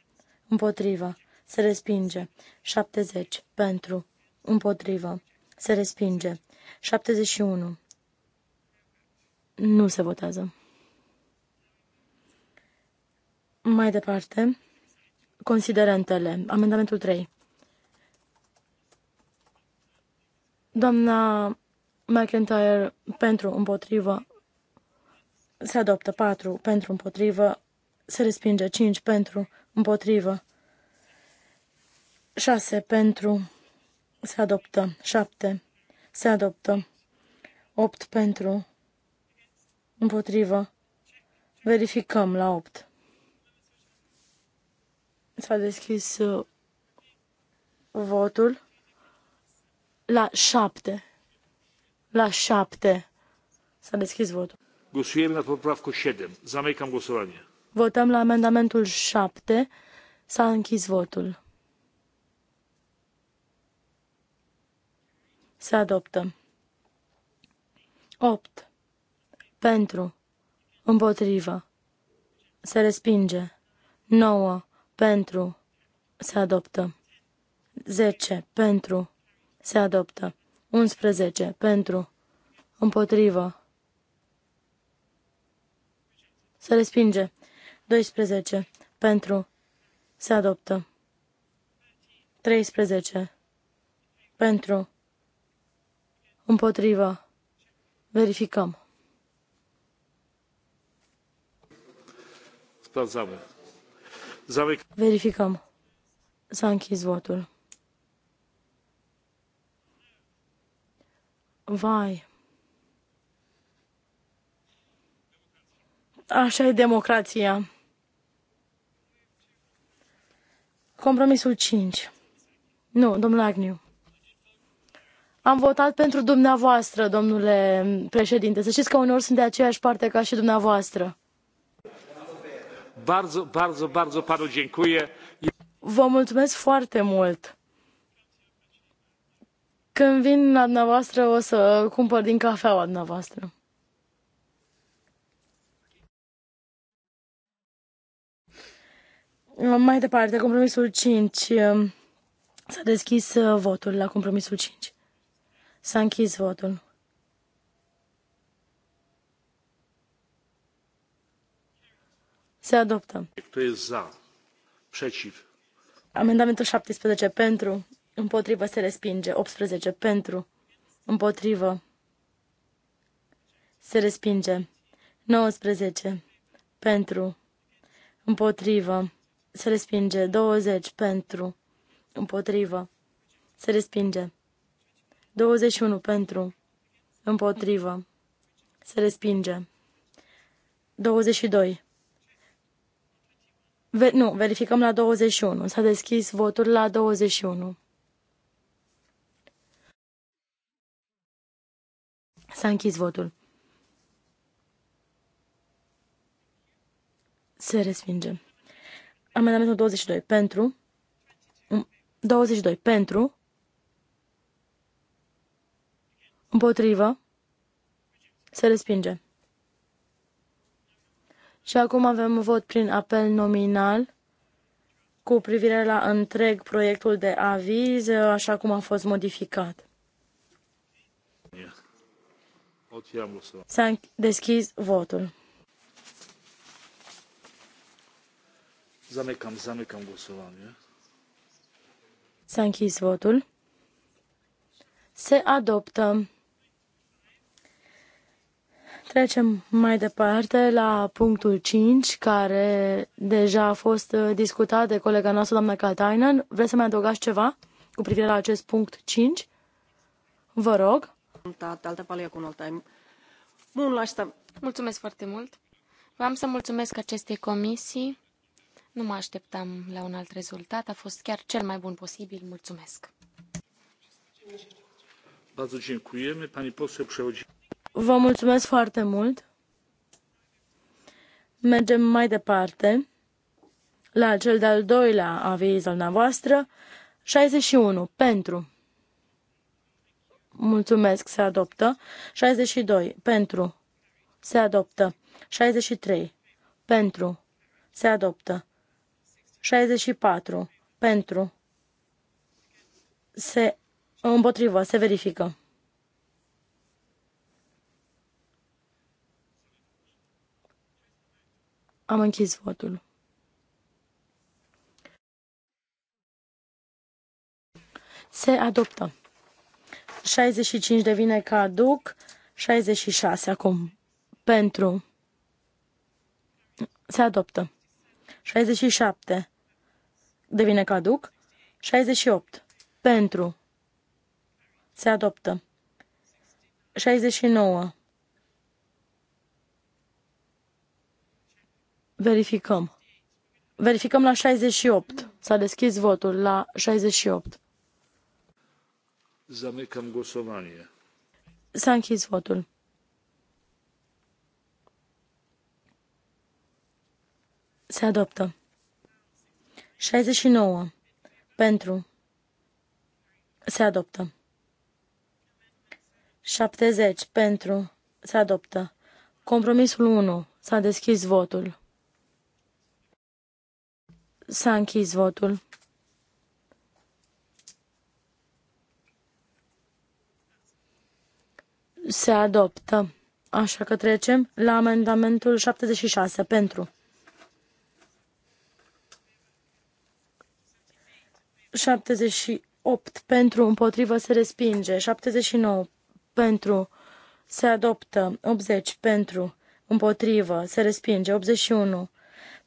Împotrivă. Se respinge. 70. Pentru. Împotrivă. Se respinge. 71. Nu se votează. Mai departe, considerentele. Amendamentul 3. Doamna McIntyre pentru împotrivă se adoptă 4 pentru împotrivă, se respinge 5 pentru împotrivă, 6 pentru se adoptă, 7 se adoptă, 8 pentru împotrivă, verificăm la 8. S-a deschis uh, votul. La șapte. La șapte. S-a deschis votul. Głosujemy la poprawką ședem. Zamecam głosowanie. Votăm la amendamentul șapte. S-a închis votul. Se adoptă. 8. Pentru. Împotrivă. Se respinge. 9. Pentru. Se adoptă. 10. Pentru se adoptă. 11. Pentru, împotrivă, se respinge. 12. Pentru, se adoptă. 13. Pentru, împotrivă, verificăm. Verificăm. S-a închis votul. Vai. Așa e democrația. Compromisul 5. Nu, domnul Agniu. Am votat pentru dumneavoastră, domnule președinte. Să știți că uneori sunt de aceeași parte ca și dumneavoastră. Bardzo, bardzo, bardzo panu dziękuję. Vă mulțumesc foarte mult. Când vin la dumneavoastră, o să cumpăr din cafeaua dumneavoastră. Mai departe, compromisul 5. Ehm, s-a deschis uh, votul la compromisul 5. S-a închis votul. Se adoptă. Amendamentul 17 pentru, împotrivă se respinge. 18 pentru, împotrivă se respinge. 19 pentru, împotrivă se respinge. 20 pentru, împotrivă se respinge. 21 pentru, împotrivă se respinge. 22 Ver, nu, verificăm la 21. S-a deschis votul la 21. S-a închis votul. Se respinge. Amendamentul 22. Pentru. 22. Um, pentru. Împotrivă. Se respinge. Și acum avem vot prin apel nominal cu privire la întreg proiectul de aviz, așa cum a fost modificat. S-a deschis votul. Zamykam, zamykam S-a închis votul. Se adoptă. Trecem mai departe la punctul 5, care deja a fost discutat de colega noastră, doamna Katainen. Vreți să mai adăugați ceva cu privire la acest punct 5? Vă rog. Mulțumesc foarte mult. Vreau să mulțumesc acestei comisii. Nu mă așteptam la un alt rezultat. A fost chiar cel mai bun posibil. Mulțumesc. Vă mulțumesc foarte mult. Mergem mai departe la cel de-al doilea aviz al noastră, 61, pentru. Mulțumesc, se adoptă. 62. Pentru. Se adoptă. 63. Pentru. Se adoptă. 64. Pentru. Se împotrivă, se verifică. Am închis votul. Se adoptă. 65 devine caduc. 66 acum. Pentru. Se adoptă. 67 devine caduc. 68 pentru. Se adoptă. 69. Verificăm. Verificăm la 68. S-a deschis votul la 68. Zamykam głosowanie. S-a închis votul. Se adoptă. 69. Pentru. Se adoptă. 70. Pentru. Se adoptă. Compromisul 1. S-a deschis votul. S-a închis votul. se adoptă. Așa că trecem la amendamentul 76 pentru. 78 pentru, împotrivă se respinge, 79 pentru, se adoptă, 80 pentru, împotrivă, se respinge, 81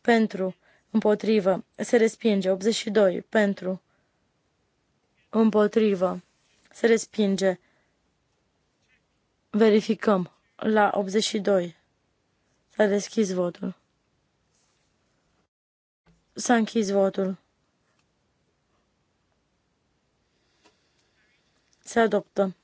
pentru, împotrivă, se respinge, 82 pentru, împotrivă, se respinge, Verificăm. La 82. S-a deschis votul. S-a închis votul. Se adoptă.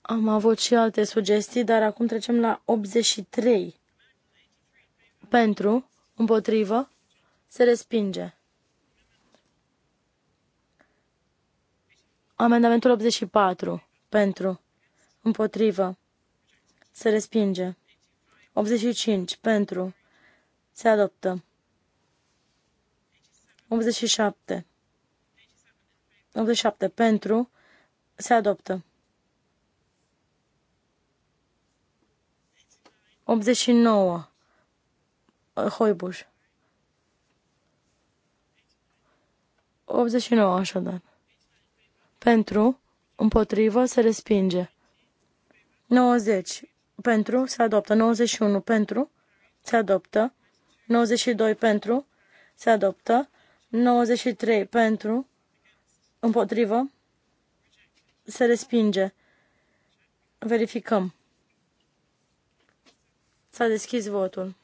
Am avut și alte sugestii, dar acum trecem la 83. Pentru împotrivă, se respinge. Amendamentul 84, pentru, împotrivă, se respinge. 85, pentru, se adoptă. 87, 87, pentru, se adoptă. 89. Uh, Hoibuș. 89 așadar. Pentru, împotrivă, se respinge. 90 pentru, se adoptă. 91 pentru, se adoptă. 92 pentru, se adoptă. 93 pentru, împotrivă, se respinge. Verificăm. S-a deschis votul.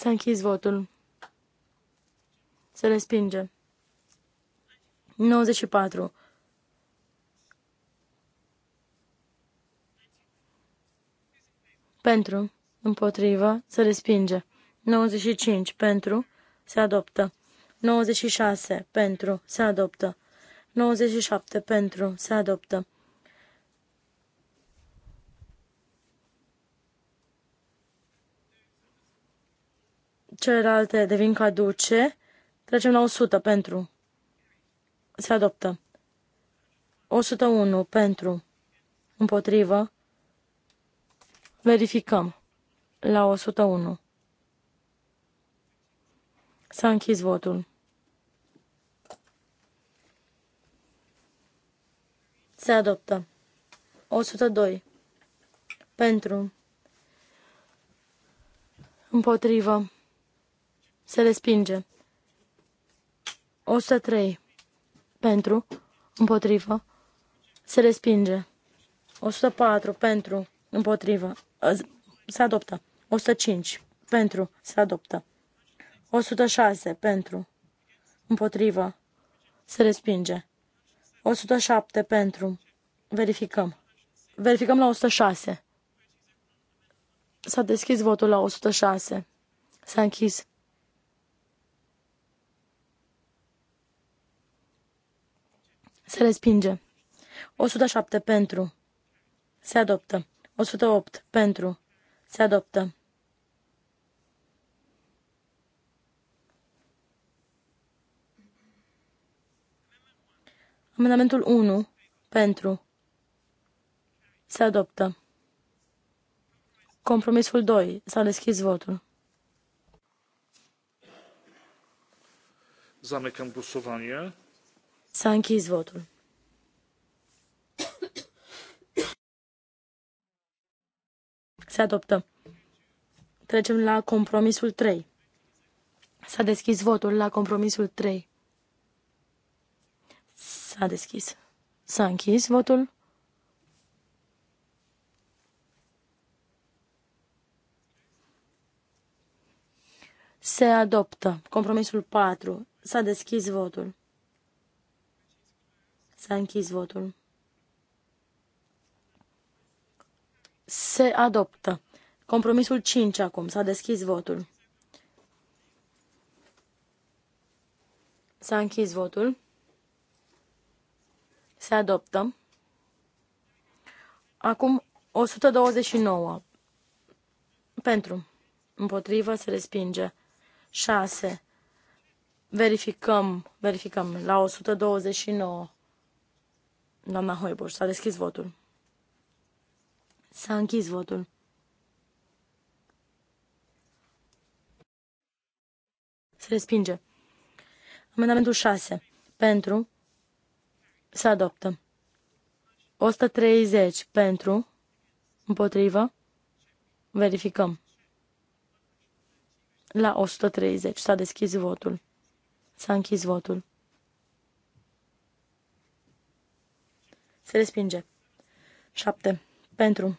S-a închis votul. Se respinge. 94. Pentru. Împotrivă. Se respinge. 95. Pentru. Se adoptă. 96. Pentru. Se adoptă. 97. Pentru. Se adoptă. celelalte devin caduce. Trecem la 100 pentru. Se adoptă. 101 pentru. Împotrivă. Verificăm. La 101. S-a închis votul. Se adoptă. 102. Pentru. Împotrivă. Se respinge. 103. Pentru. Împotrivă. Se respinge. 104. Pentru. Împotrivă. Se adoptă. 105. Pentru. Se adoptă. 106. Pentru. Împotrivă. Se respinge. 107. Pentru. Verificăm. Verificăm la 106. S-a deschis votul la 106. S-a închis. Se respinge. 107 pentru. Se adoptă. 108 pentru. Se adoptă. Amendamentul 1 pentru. Se adoptă. Compromisul 2. S-a deschis votul. Zamykam głosowanie. S-a închis votul. Se adoptă. Trecem la compromisul 3. S-a deschis votul la compromisul 3. S-a deschis. S-a închis votul. Se adoptă. Compromisul 4. S-a deschis votul. S-a închis votul. Se adoptă. Compromisul 5 acum. S-a deschis votul. S-a închis votul. Se adoptă. Acum 129. Pentru. Împotrivă se respinge. 6. Verificăm, verificăm la 129. Doamna Hoibuș, s-a deschis votul. S-a închis votul. Se respinge. Amendamentul 6. Pentru. Se adoptă. 130. Pentru. Împotrivă. Verificăm. La 130 s-a deschis votul. S-a închis votul. Se respinge. 7. Pentru.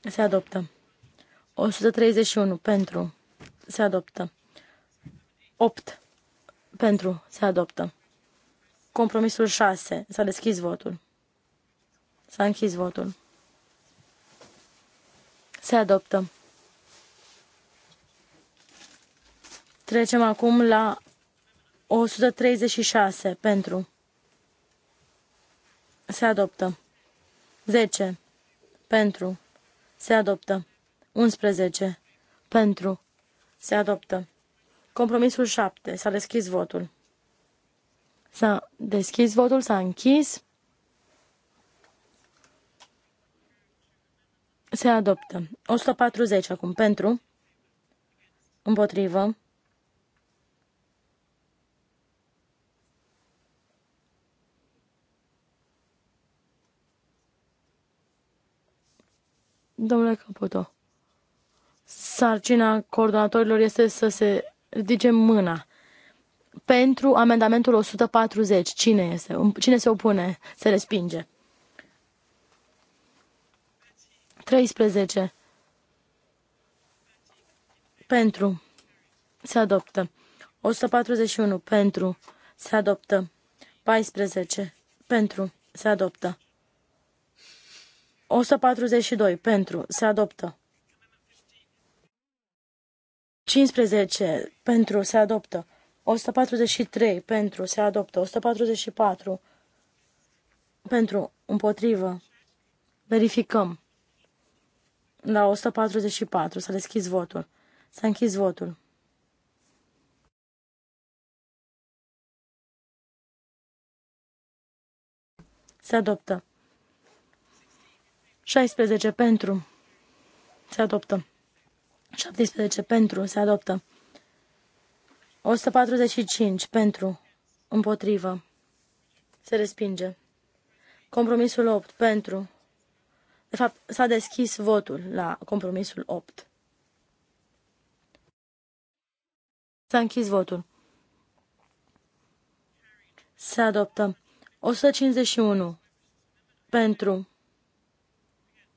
Se adoptă. 131. Pentru. Se adoptă. 8. Pentru. Se adoptă. Compromisul 6. S-a deschis votul. S-a închis votul. Se adoptă. Trecem acum la 136 pentru se adoptă. 10. Pentru. Se adoptă. 11. Pentru. Se adoptă. Compromisul 7. S-a deschis votul. S-a deschis votul, s-a închis. Se adoptă. 140 acum. Pentru. Împotrivă. Domnule Caputo, sarcina coordonatorilor este să se ridice mâna. Pentru amendamentul 140, cine este? Cine se opune? Se respinge. 13. Pentru. Se adoptă. 141. Pentru. Se adoptă. 14. Pentru. Se adoptă. 142 pentru. Se adoptă. 15 pentru. Se adoptă. 143 pentru. Se adoptă. 144 pentru. Împotrivă. Verificăm. La 144 s-a deschis votul. S-a închis votul. Se adoptă. 16 pentru. Se adoptă. 17 pentru. Se adoptă. 145 pentru. Împotrivă. Se respinge. Compromisul 8 pentru. De fapt, s-a deschis votul la compromisul 8. S-a închis votul. Se adoptă. 151 pentru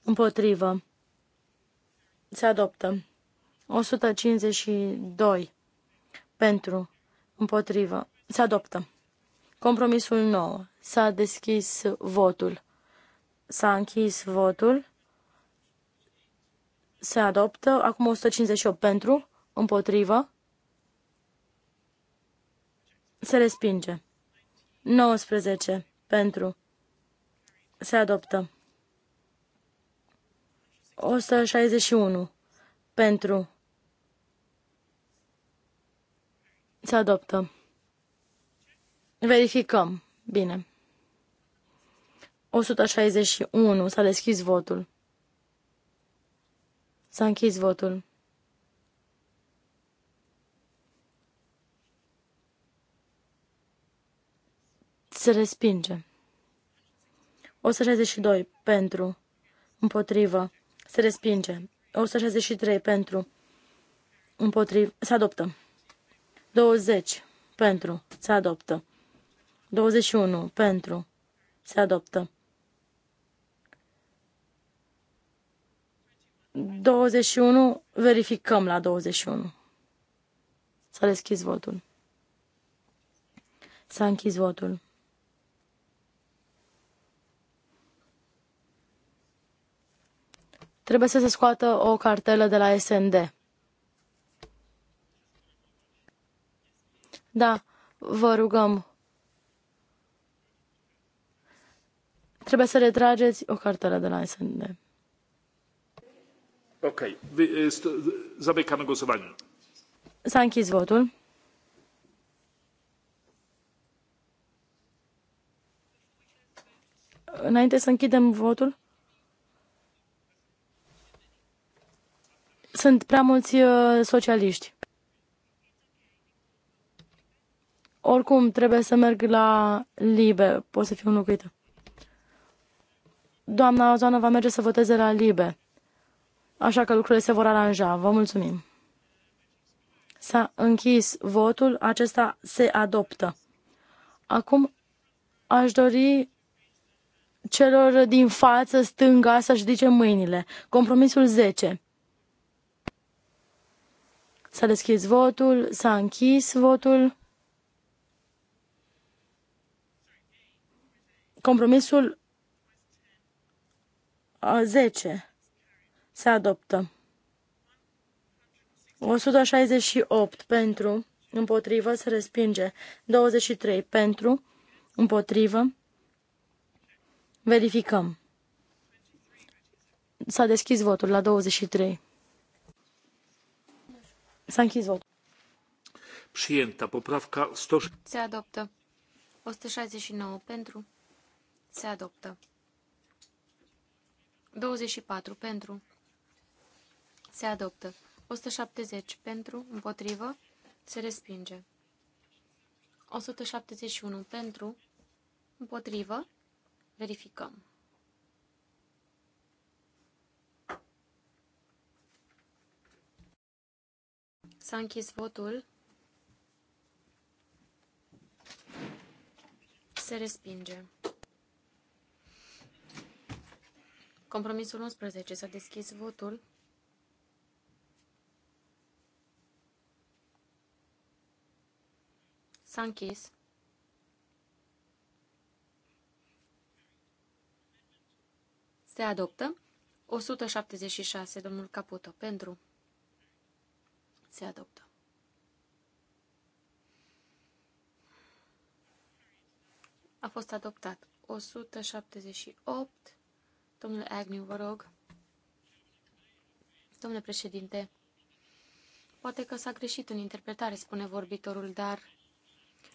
Împotrivă. Se adoptă. 152. Pentru. Împotrivă. Se adoptă. Compromisul 9. S-a deschis votul. S-a închis votul. Se adoptă. Acum 158 pentru. Împotrivă. Se respinge. 19 pentru. Se adoptă. 161. Pentru. Se adoptă. Verificăm. Bine. 161. S-a deschis votul. S-a închis votul. Se respinge. 162. Pentru. Împotrivă. Se respinge. 163 pentru. Împotriv. Se adoptă. 20 pentru. Se adoptă. 21 pentru. Se adoptă. 21. Verificăm la 21. S-a deschis votul. S-a închis votul. trebuie să se scoată o cartelă de la SND. Da, vă rugăm. Trebuie să retrageți o cartelă de la SND. Ok. Zamykamy głosowanie. S-a închis votul. Înainte să închidem votul, Sunt prea mulți uh, socialiști. Oricum, trebuie să merg la Libe. Pot să fiu înlocuită. Doamna Ozoană va merge să voteze la Libe. Așa că lucrurile se vor aranja. Vă mulțumim. S-a închis votul. Acesta se adoptă. Acum aș dori celor din față, stânga, să-și ridice mâinile. Compromisul 10. S-a deschis votul, s-a închis votul. Compromisul 10 se adoptă. 168 pentru, împotrivă, se respinge. 23 pentru, împotrivă. Verificăm. S-a deschis votul la 23. S-a închis votul. poprawka 100. Se adoptă. 169 pentru. Se adoptă. 24 pentru. Se adoptă. 170 pentru, împotrivă, se respinge. 171 pentru, împotrivă, verificăm. S-a închis votul. Se respinge. Compromisul 11. S-a deschis votul. S-a închis. Se adoptă. 176, domnul Caputo, pentru. Se adoptă. A fost adoptat 178. Domnule Agnew, vă rog. Domnule președinte, poate că s-a greșit în interpretare, spune vorbitorul, dar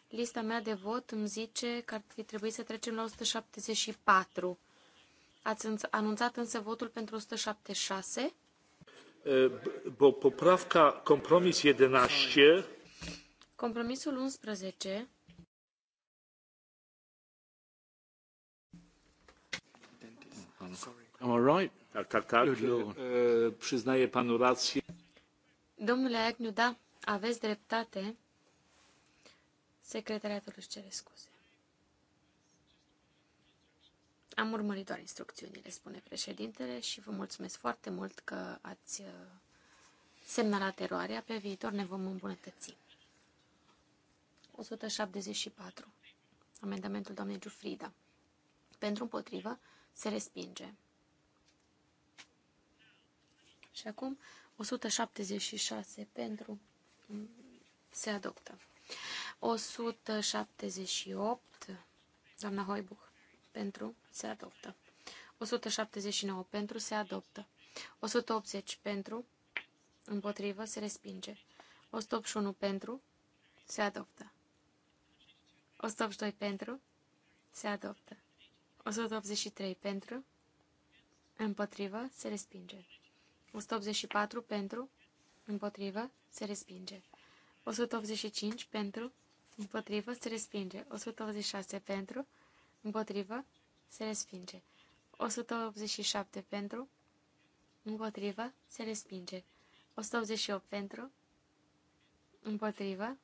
lista mea de vot îmi zice că ar fi trebuit să trecem la 174. Ați anunțat însă votul pentru 176? bo poprawka kompromis 11 Compromisul 11 Am I right? Tak, tak, tak. Przyznaję panu rację. Domnule Agniu, da, aveți dreptate. Secretariatul își cere scuze. Am urmărit doar instrucțiunile, spune președintele, și vă mulțumesc foarte mult că ați uh, semnalat eroarea. Pe viitor ne vom îmbunătăți. 174. Amendamentul doamnei Giufrida. Pentru împotrivă se respinge. Și acum 176 pentru mm, se adoptă. 178 doamna Hoibuch pentru se adoptă. 179 pentru se adoptă. 180 pentru împotrivă se respinge. 181 pentru se adoptă. 182 pentru se adoptă. 183 pentru împotrivă se respinge. 184 pentru împotrivă se respinge. 185 pentru împotrivă se respinge. 186 pentru împotrivă, se respinge. 187 pentru, împotrivă, se respinge. 188 pentru, împotrivă.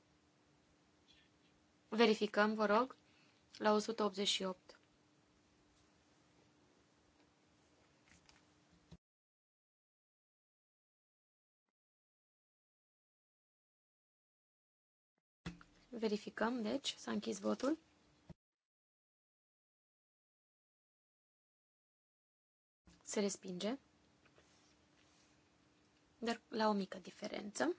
Verificăm, vă rog, la 188. Verificăm, deci, s-a închis votul. se respinge, dar la o mică diferență.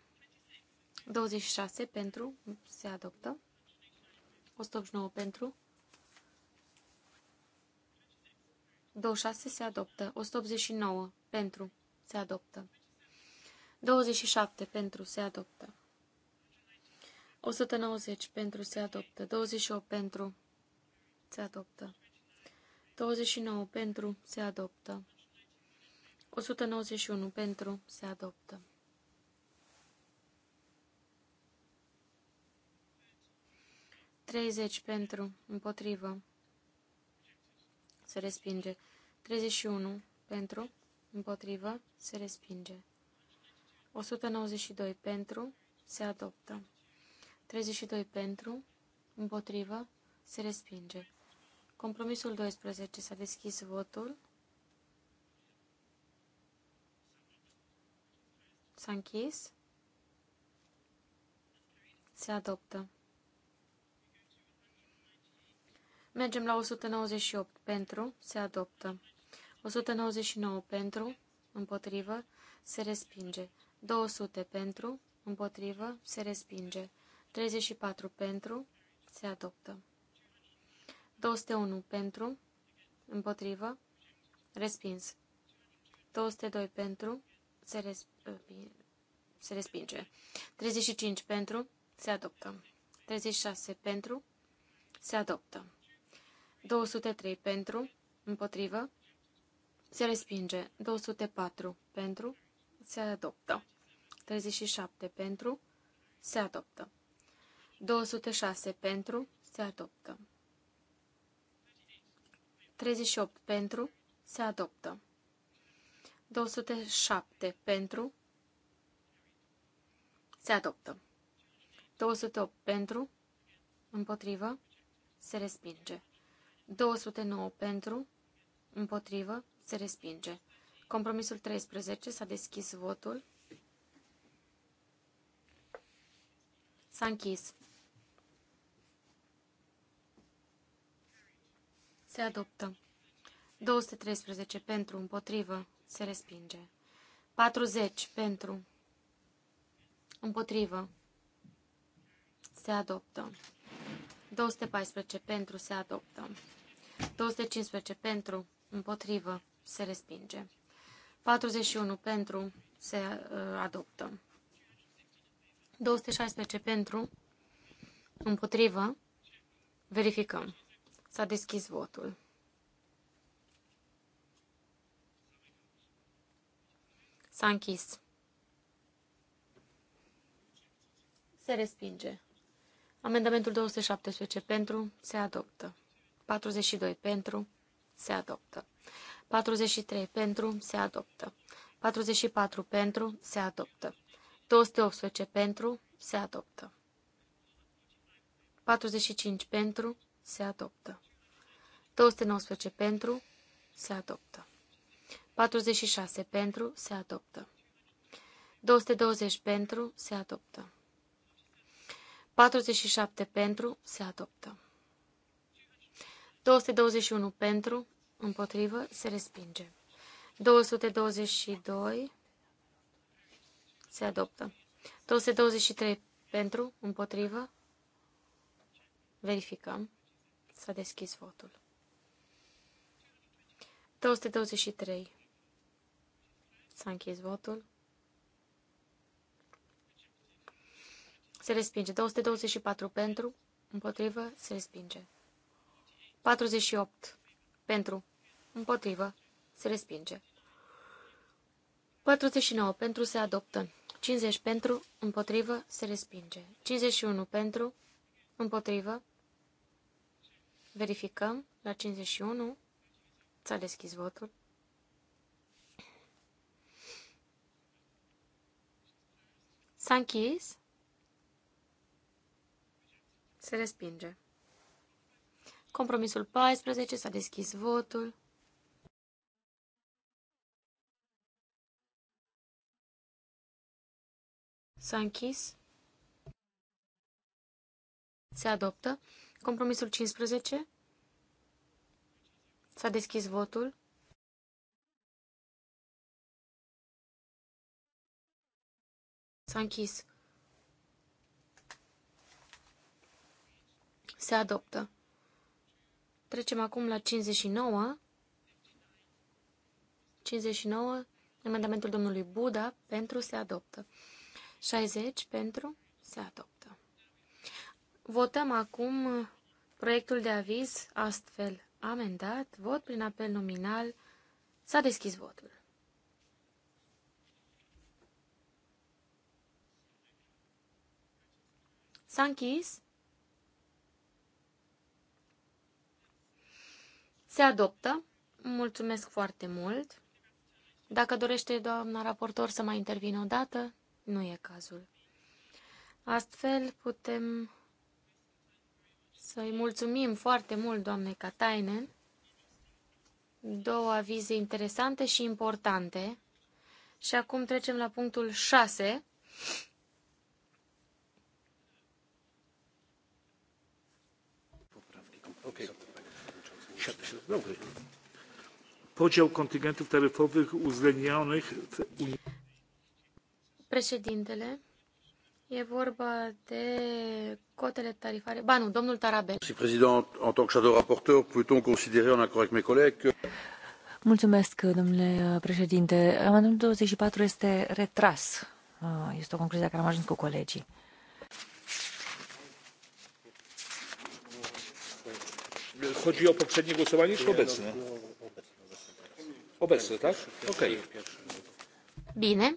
26 pentru, se adoptă. 189 pentru. 26 se adoptă. 189 pentru, se adoptă. 27 pentru, se adoptă. 190 pentru, se adoptă. 28 pentru, se adoptă. 29 pentru, se adoptă. 191 pentru se adoptă. Treizeci pentru împotrivă se respinge. 31 pentru împotrivă se respinge. 192 pentru se adoptă. 32 pentru împotrivă se respinge. Compromisul 12 s-a deschis votul. S-a închis. Se adoptă. Mergem la 198. Pentru. Se adoptă. 199. Pentru. Împotrivă. Se respinge. 200. Pentru. Împotrivă. Se respinge. 34. Pentru. Se adoptă. 201. Pentru. Împotrivă. Respins. 202. Pentru se, resp- ă, se respinge. 35 pentru, se adoptă. 36 pentru, se adoptă. 203 pentru, împotrivă, se respinge. 204 pentru, se adoptă. 37 pentru, se adoptă. 206 pentru, se adoptă. 38 pentru, se adoptă. 207 pentru. Se adoptă. 208 pentru. Împotrivă. Se respinge. 209 pentru. Împotrivă. Se respinge. Compromisul 13. S-a deschis votul. S-a închis. Se adoptă. 213 pentru, împotrivă, se respinge. 40 pentru, împotrivă, se adoptă. 214 pentru, se adoptă. 215 pentru, împotrivă, se respinge. 41 pentru, se uh, adoptă. 216 pentru, împotrivă, verificăm. S-a deschis votul. S-a închis. Se respinge. Amendamentul 217 pentru se adoptă. 42 pentru se adoptă. 43 pentru se adoptă. 44 pentru se adoptă. 218 pentru se adoptă. 45 pentru se adoptă. 219 pentru se adoptă. 46 pentru se adoptă. 220 pentru se adoptă. 47 pentru se adoptă. 221 pentru împotrivă se respinge. 222 se adoptă. 223 pentru împotrivă verificăm. S-a deschis votul. 223 S-a închis votul. Se respinge. 224 pentru, împotrivă, se respinge. 48 pentru, împotrivă, se respinge. 49 pentru, se adoptă. 50 pentru, împotrivă, se respinge. 51 pentru, împotrivă. Verificăm la 51. S-a deschis votul. S-a închis. Se respinge. Compromisul 14, s-a deschis votul. S-a închis. Se adoptă. Compromisul 15. S-a deschis votul. S-a închis. Se adoptă. Trecem acum la 59. 59. Amendamentul domnului Buda pentru se adoptă. 60 pentru se adoptă. Votăm acum proiectul de aviz astfel amendat. Vot prin apel nominal. S-a deschis votul. S-a închis. Se adoptă. Mulțumesc foarte mult. Dacă dorește doamna raportor să mai intervină o dată, nu e cazul. Astfel putem să-i mulțumim foarte mult doamnei Katainen. Două avize interesante și importante. Și acum trecem la punctul 6. Dobry. Podział kontyngentów taryfowych uwzględnionych w Unii. Președintele, e vorba de cotele tarifare. Ba nu, domnul Tarabel. Président, en tant que shadow rapporteur, peut-on considérer en accord avec mes Mulțumesc, domnule președinte. Amendamentul 24 este retras. Ah, este o concluzie la care am ajuns cu colegii. chodzi o poprzednie głosowanie czy obecne? Obecne, tak? Ok. Bine.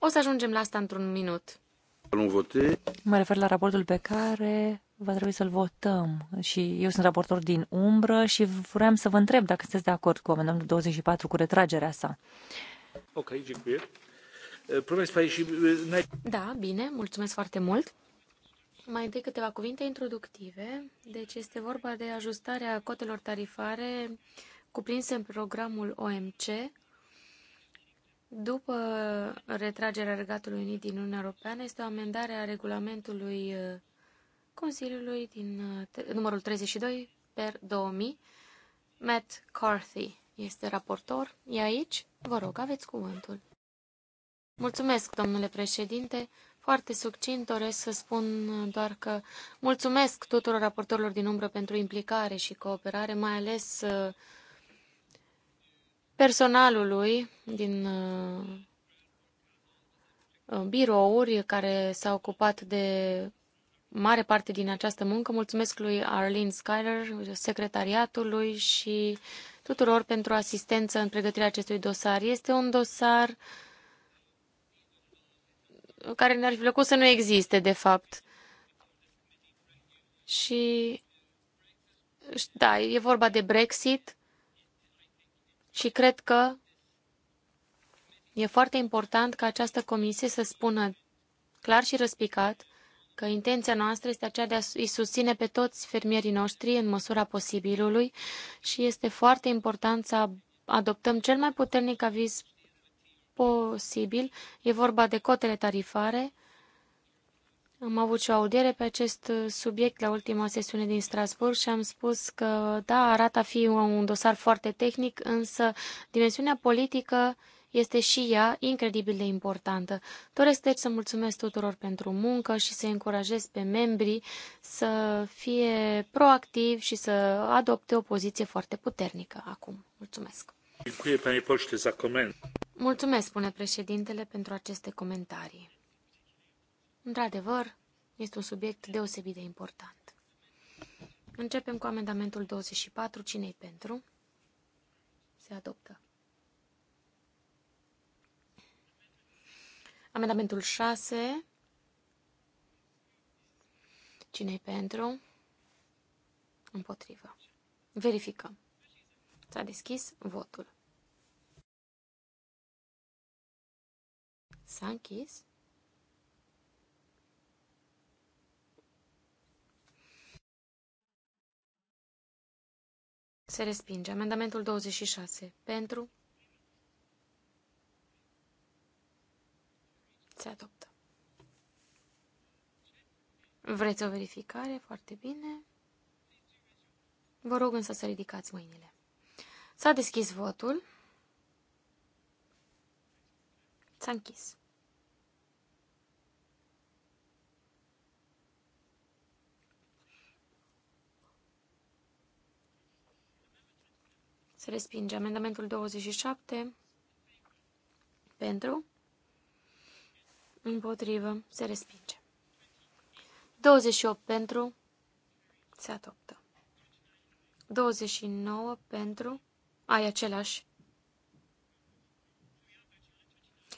O să ajungem la asta într-un minut. Mă refer la raportul pe care va trebui să-l votăm. Și eu sunt raportor din umbră și vreau să vă întreb dacă sunteți de acord cu amendamentul 24, cu retragerea sa. Ok, dziękuję. Da, bine, mulțumesc foarte mult. Mai întâi câteva cuvinte introductive. Deci este vorba de ajustarea cotelor tarifare cuprinse în programul OMC după retragerea Regatului Unit din Uniunea Europeană. Este o amendare a regulamentului uh, Consiliului din uh, numărul 32 per 2000. Matt Carthy este raportor. E aici. Vă rog, aveți cuvântul. Mulțumesc, domnule președinte. Foarte succint doresc să spun doar că mulțumesc tuturor raportorilor din umbră pentru implicare și cooperare, mai ales uh, personalului din uh, uh, birouri care s-a ocupat de mare parte din această muncă. Mulțumesc lui Arlene Skyler, secretariatului și tuturor pentru asistență în pregătirea acestui dosar. Este un dosar uh, care ne-ar fi plăcut să nu existe, de fapt. Și, da, e vorba de Brexit și cred că e foarte important ca această comisie să spună clar și răspicat că intenția noastră este aceea de a-i susține pe toți fermierii noștri în măsura posibilului și este foarte important să adoptăm cel mai puternic aviz posibil. E vorba de cotele tarifare. Am avut și o audiere pe acest subiect la ultima sesiune din Strasburg și am spus că, da, arată a fi un dosar foarte tehnic, însă dimensiunea politică este și ea incredibil de importantă. Doresc deci să mulțumesc tuturor pentru muncă și să încurajez pe membrii să fie proactivi și să adopte o poziție foarte puternică acum. Mulțumesc! Dziękuję panie pośle za komentarz. Mulțumesc, spune președintele, pentru aceste comentarii. Într-adevăr, este un subiect deosebit de important. Începem cu amendamentul 24. Cine-i pentru? Se adoptă. Amendamentul 6. Cine-i pentru? Împotrivă. Verificăm. S-a deschis votul. S-a închis. Se respinge. Amendamentul 26. Pentru. Se adoptă. Vreți o verificare? Foarte bine. Vă rog însă să ridicați mâinile. S-a deschis votul. S-a închis. Se respinge. Amendamentul 27 pentru, împotrivă, se respinge. 28 pentru, se adoptă. 29 pentru, ai același.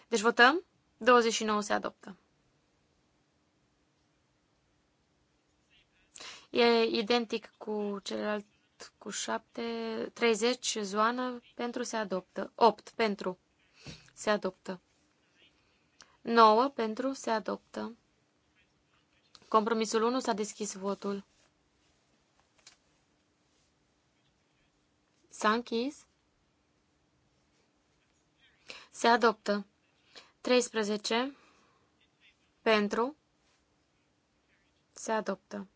Deci votăm, 29 se adoptă. E identic cu celălalt cu 7, 30 zoană pentru se adoptă. 8 pentru se adoptă. 9 pentru se adoptă. Compromisul 1 s-a deschis votul. S-a închis. Se adoptă. 13 pentru se adoptă.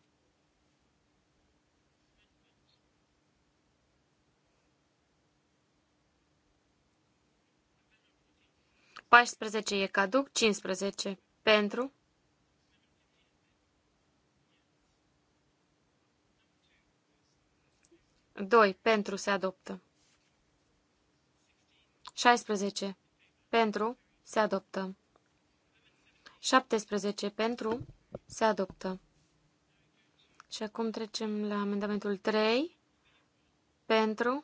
14 e caduc, 15 pentru. Doi, pentru se adoptă. 16. Pentru se adoptă. 17. Pentru se adoptă. Și acum trecem la amendamentul 3. Pentru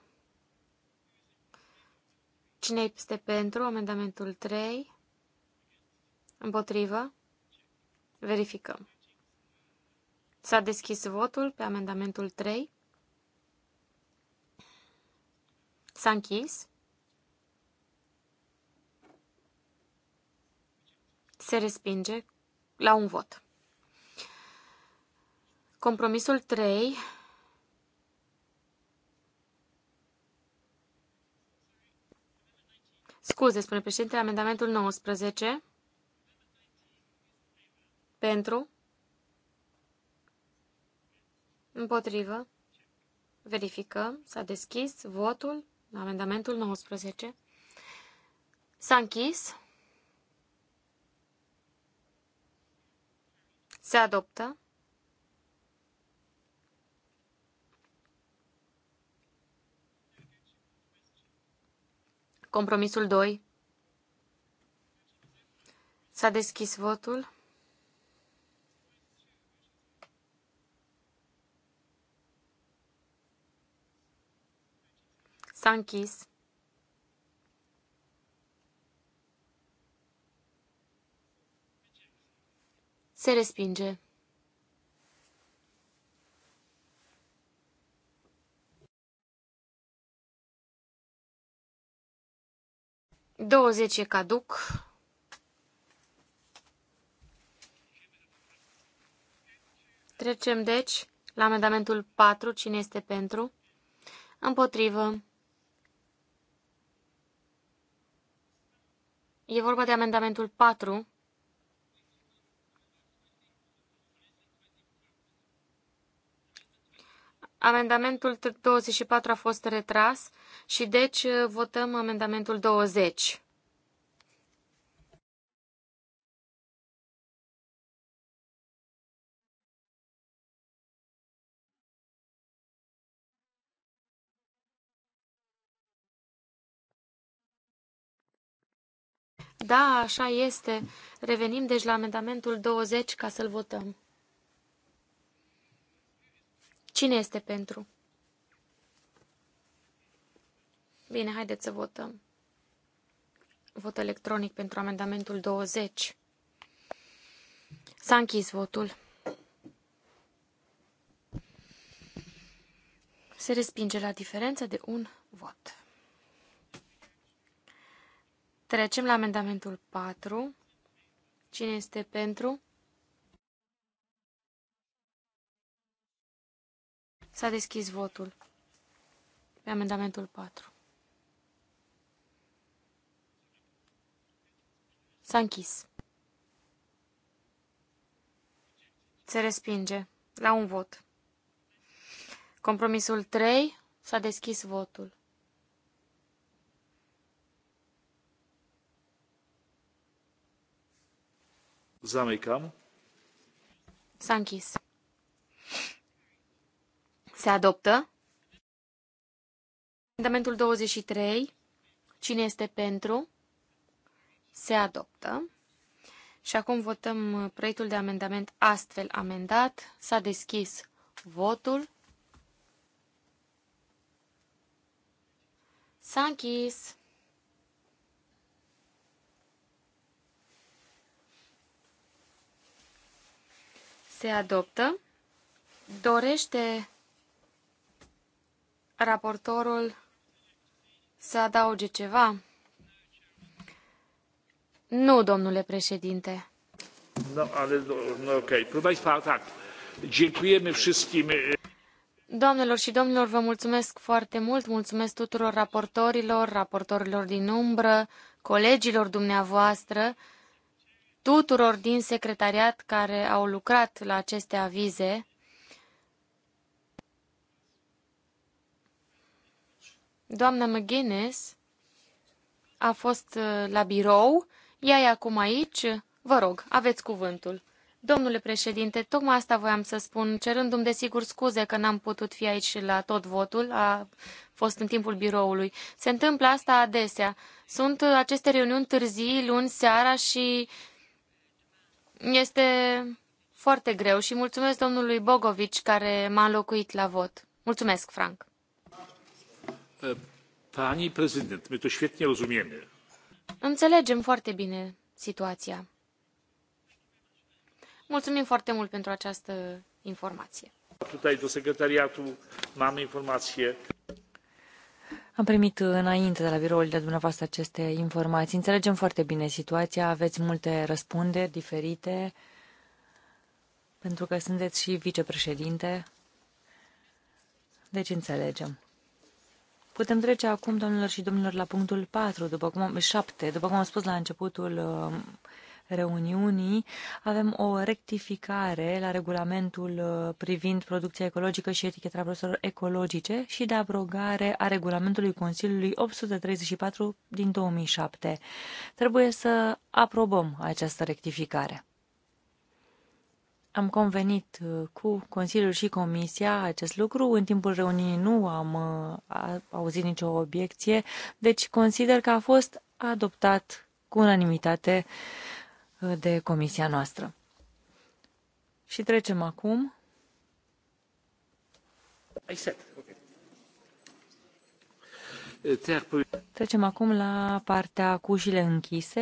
Cine este pentru amendamentul 3? Împotrivă? Verificăm. S-a deschis votul pe amendamentul 3. S-a închis. Se respinge la un vot. Compromisul 3 Scuze, spune președintele, amendamentul 19. Pentru. Împotrivă. Verificăm. S-a deschis votul la amendamentul 19. S-a închis. Se adoptă. Compromisul 2. S-a deschis votul. S-a închis. Se respinge. 20 e caduc. Trecem, deci, la amendamentul 4. Cine este pentru? Împotrivă. E vorba de amendamentul 4. Amendamentul 24 a fost retras și deci uh, votăm amendamentul 20. Da, așa este. Revenim deci la amendamentul 20 ca să-l votăm. Cine este pentru? Bine, haideți să votăm. Vot electronic pentru amendamentul 20. S-a închis votul. Se respinge la diferență de un vot. Trecem la amendamentul 4. Cine este pentru? S-a deschis votul pe amendamentul 4. S-a închis. Se respinge la un vot. Compromisul 3 s-a deschis votul. Zamecam. S-a închis. Se adoptă. Amendamentul 23. Cine este pentru? Se adoptă. Și acum votăm proiectul de amendament astfel amendat. S-a deschis votul. S-a închis. Se adoptă. Dorește raportorul să adauge ceva? Nu, domnule președinte. No, ale, no, ok. Proszę Państwa, tak. Dziękujemy wszystkim. Doamnelor și domnilor, vă mulțumesc foarte mult, mulțumesc tuturor raportorilor, raportorilor din umbră, colegilor dumneavoastră, tuturor din secretariat care au lucrat la aceste avize. Doamna McGuinness a fost uh, la birou, ea e acum aici. Vă rog, aveți cuvântul. Domnule președinte, tocmai asta voiam să spun, cerându-mi desigur scuze că n-am putut fi aici la tot votul, a fost în timpul biroului. Se întâmplă asta adesea. Sunt uh, aceste reuniuni târzii, luni, seara și este foarte greu și mulțumesc domnului Bogovici care m-a înlocuit la vot. Mulțumesc, Frank. Pani prezydent, my to świetnie rozumiemy. Înțelegem foarte bine situația. Mulțumim foarte mult pentru această informație. Tutaj do secretariatu mam informație. Am primit înainte de la biroul de dumneavoastră aceste informații. Înțelegem foarte bine situația, aveți multe răspunderi diferite, pentru că sunteți și vicepreședinte. Deci înțelegem. Putem trece acum, domnilor și domnilor, la punctul 4, după cum, 7, după cum am spus la începutul um, reuniunii, avem o rectificare la regulamentul uh, privind producția ecologică și etichetarea produselor ecologice și de abrogare a regulamentului Consiliului 834 din 2007. Trebuie să aprobăm această rectificare. Am convenit uh, cu Consiliul și Comisia acest lucru. În timpul reuniunii nu am uh, auzit nicio obiecție, deci consider că a fost adoptat cu unanimitate uh, de Comisia noastră. Și trecem acum. Trecem acum la partea cu ușile închise.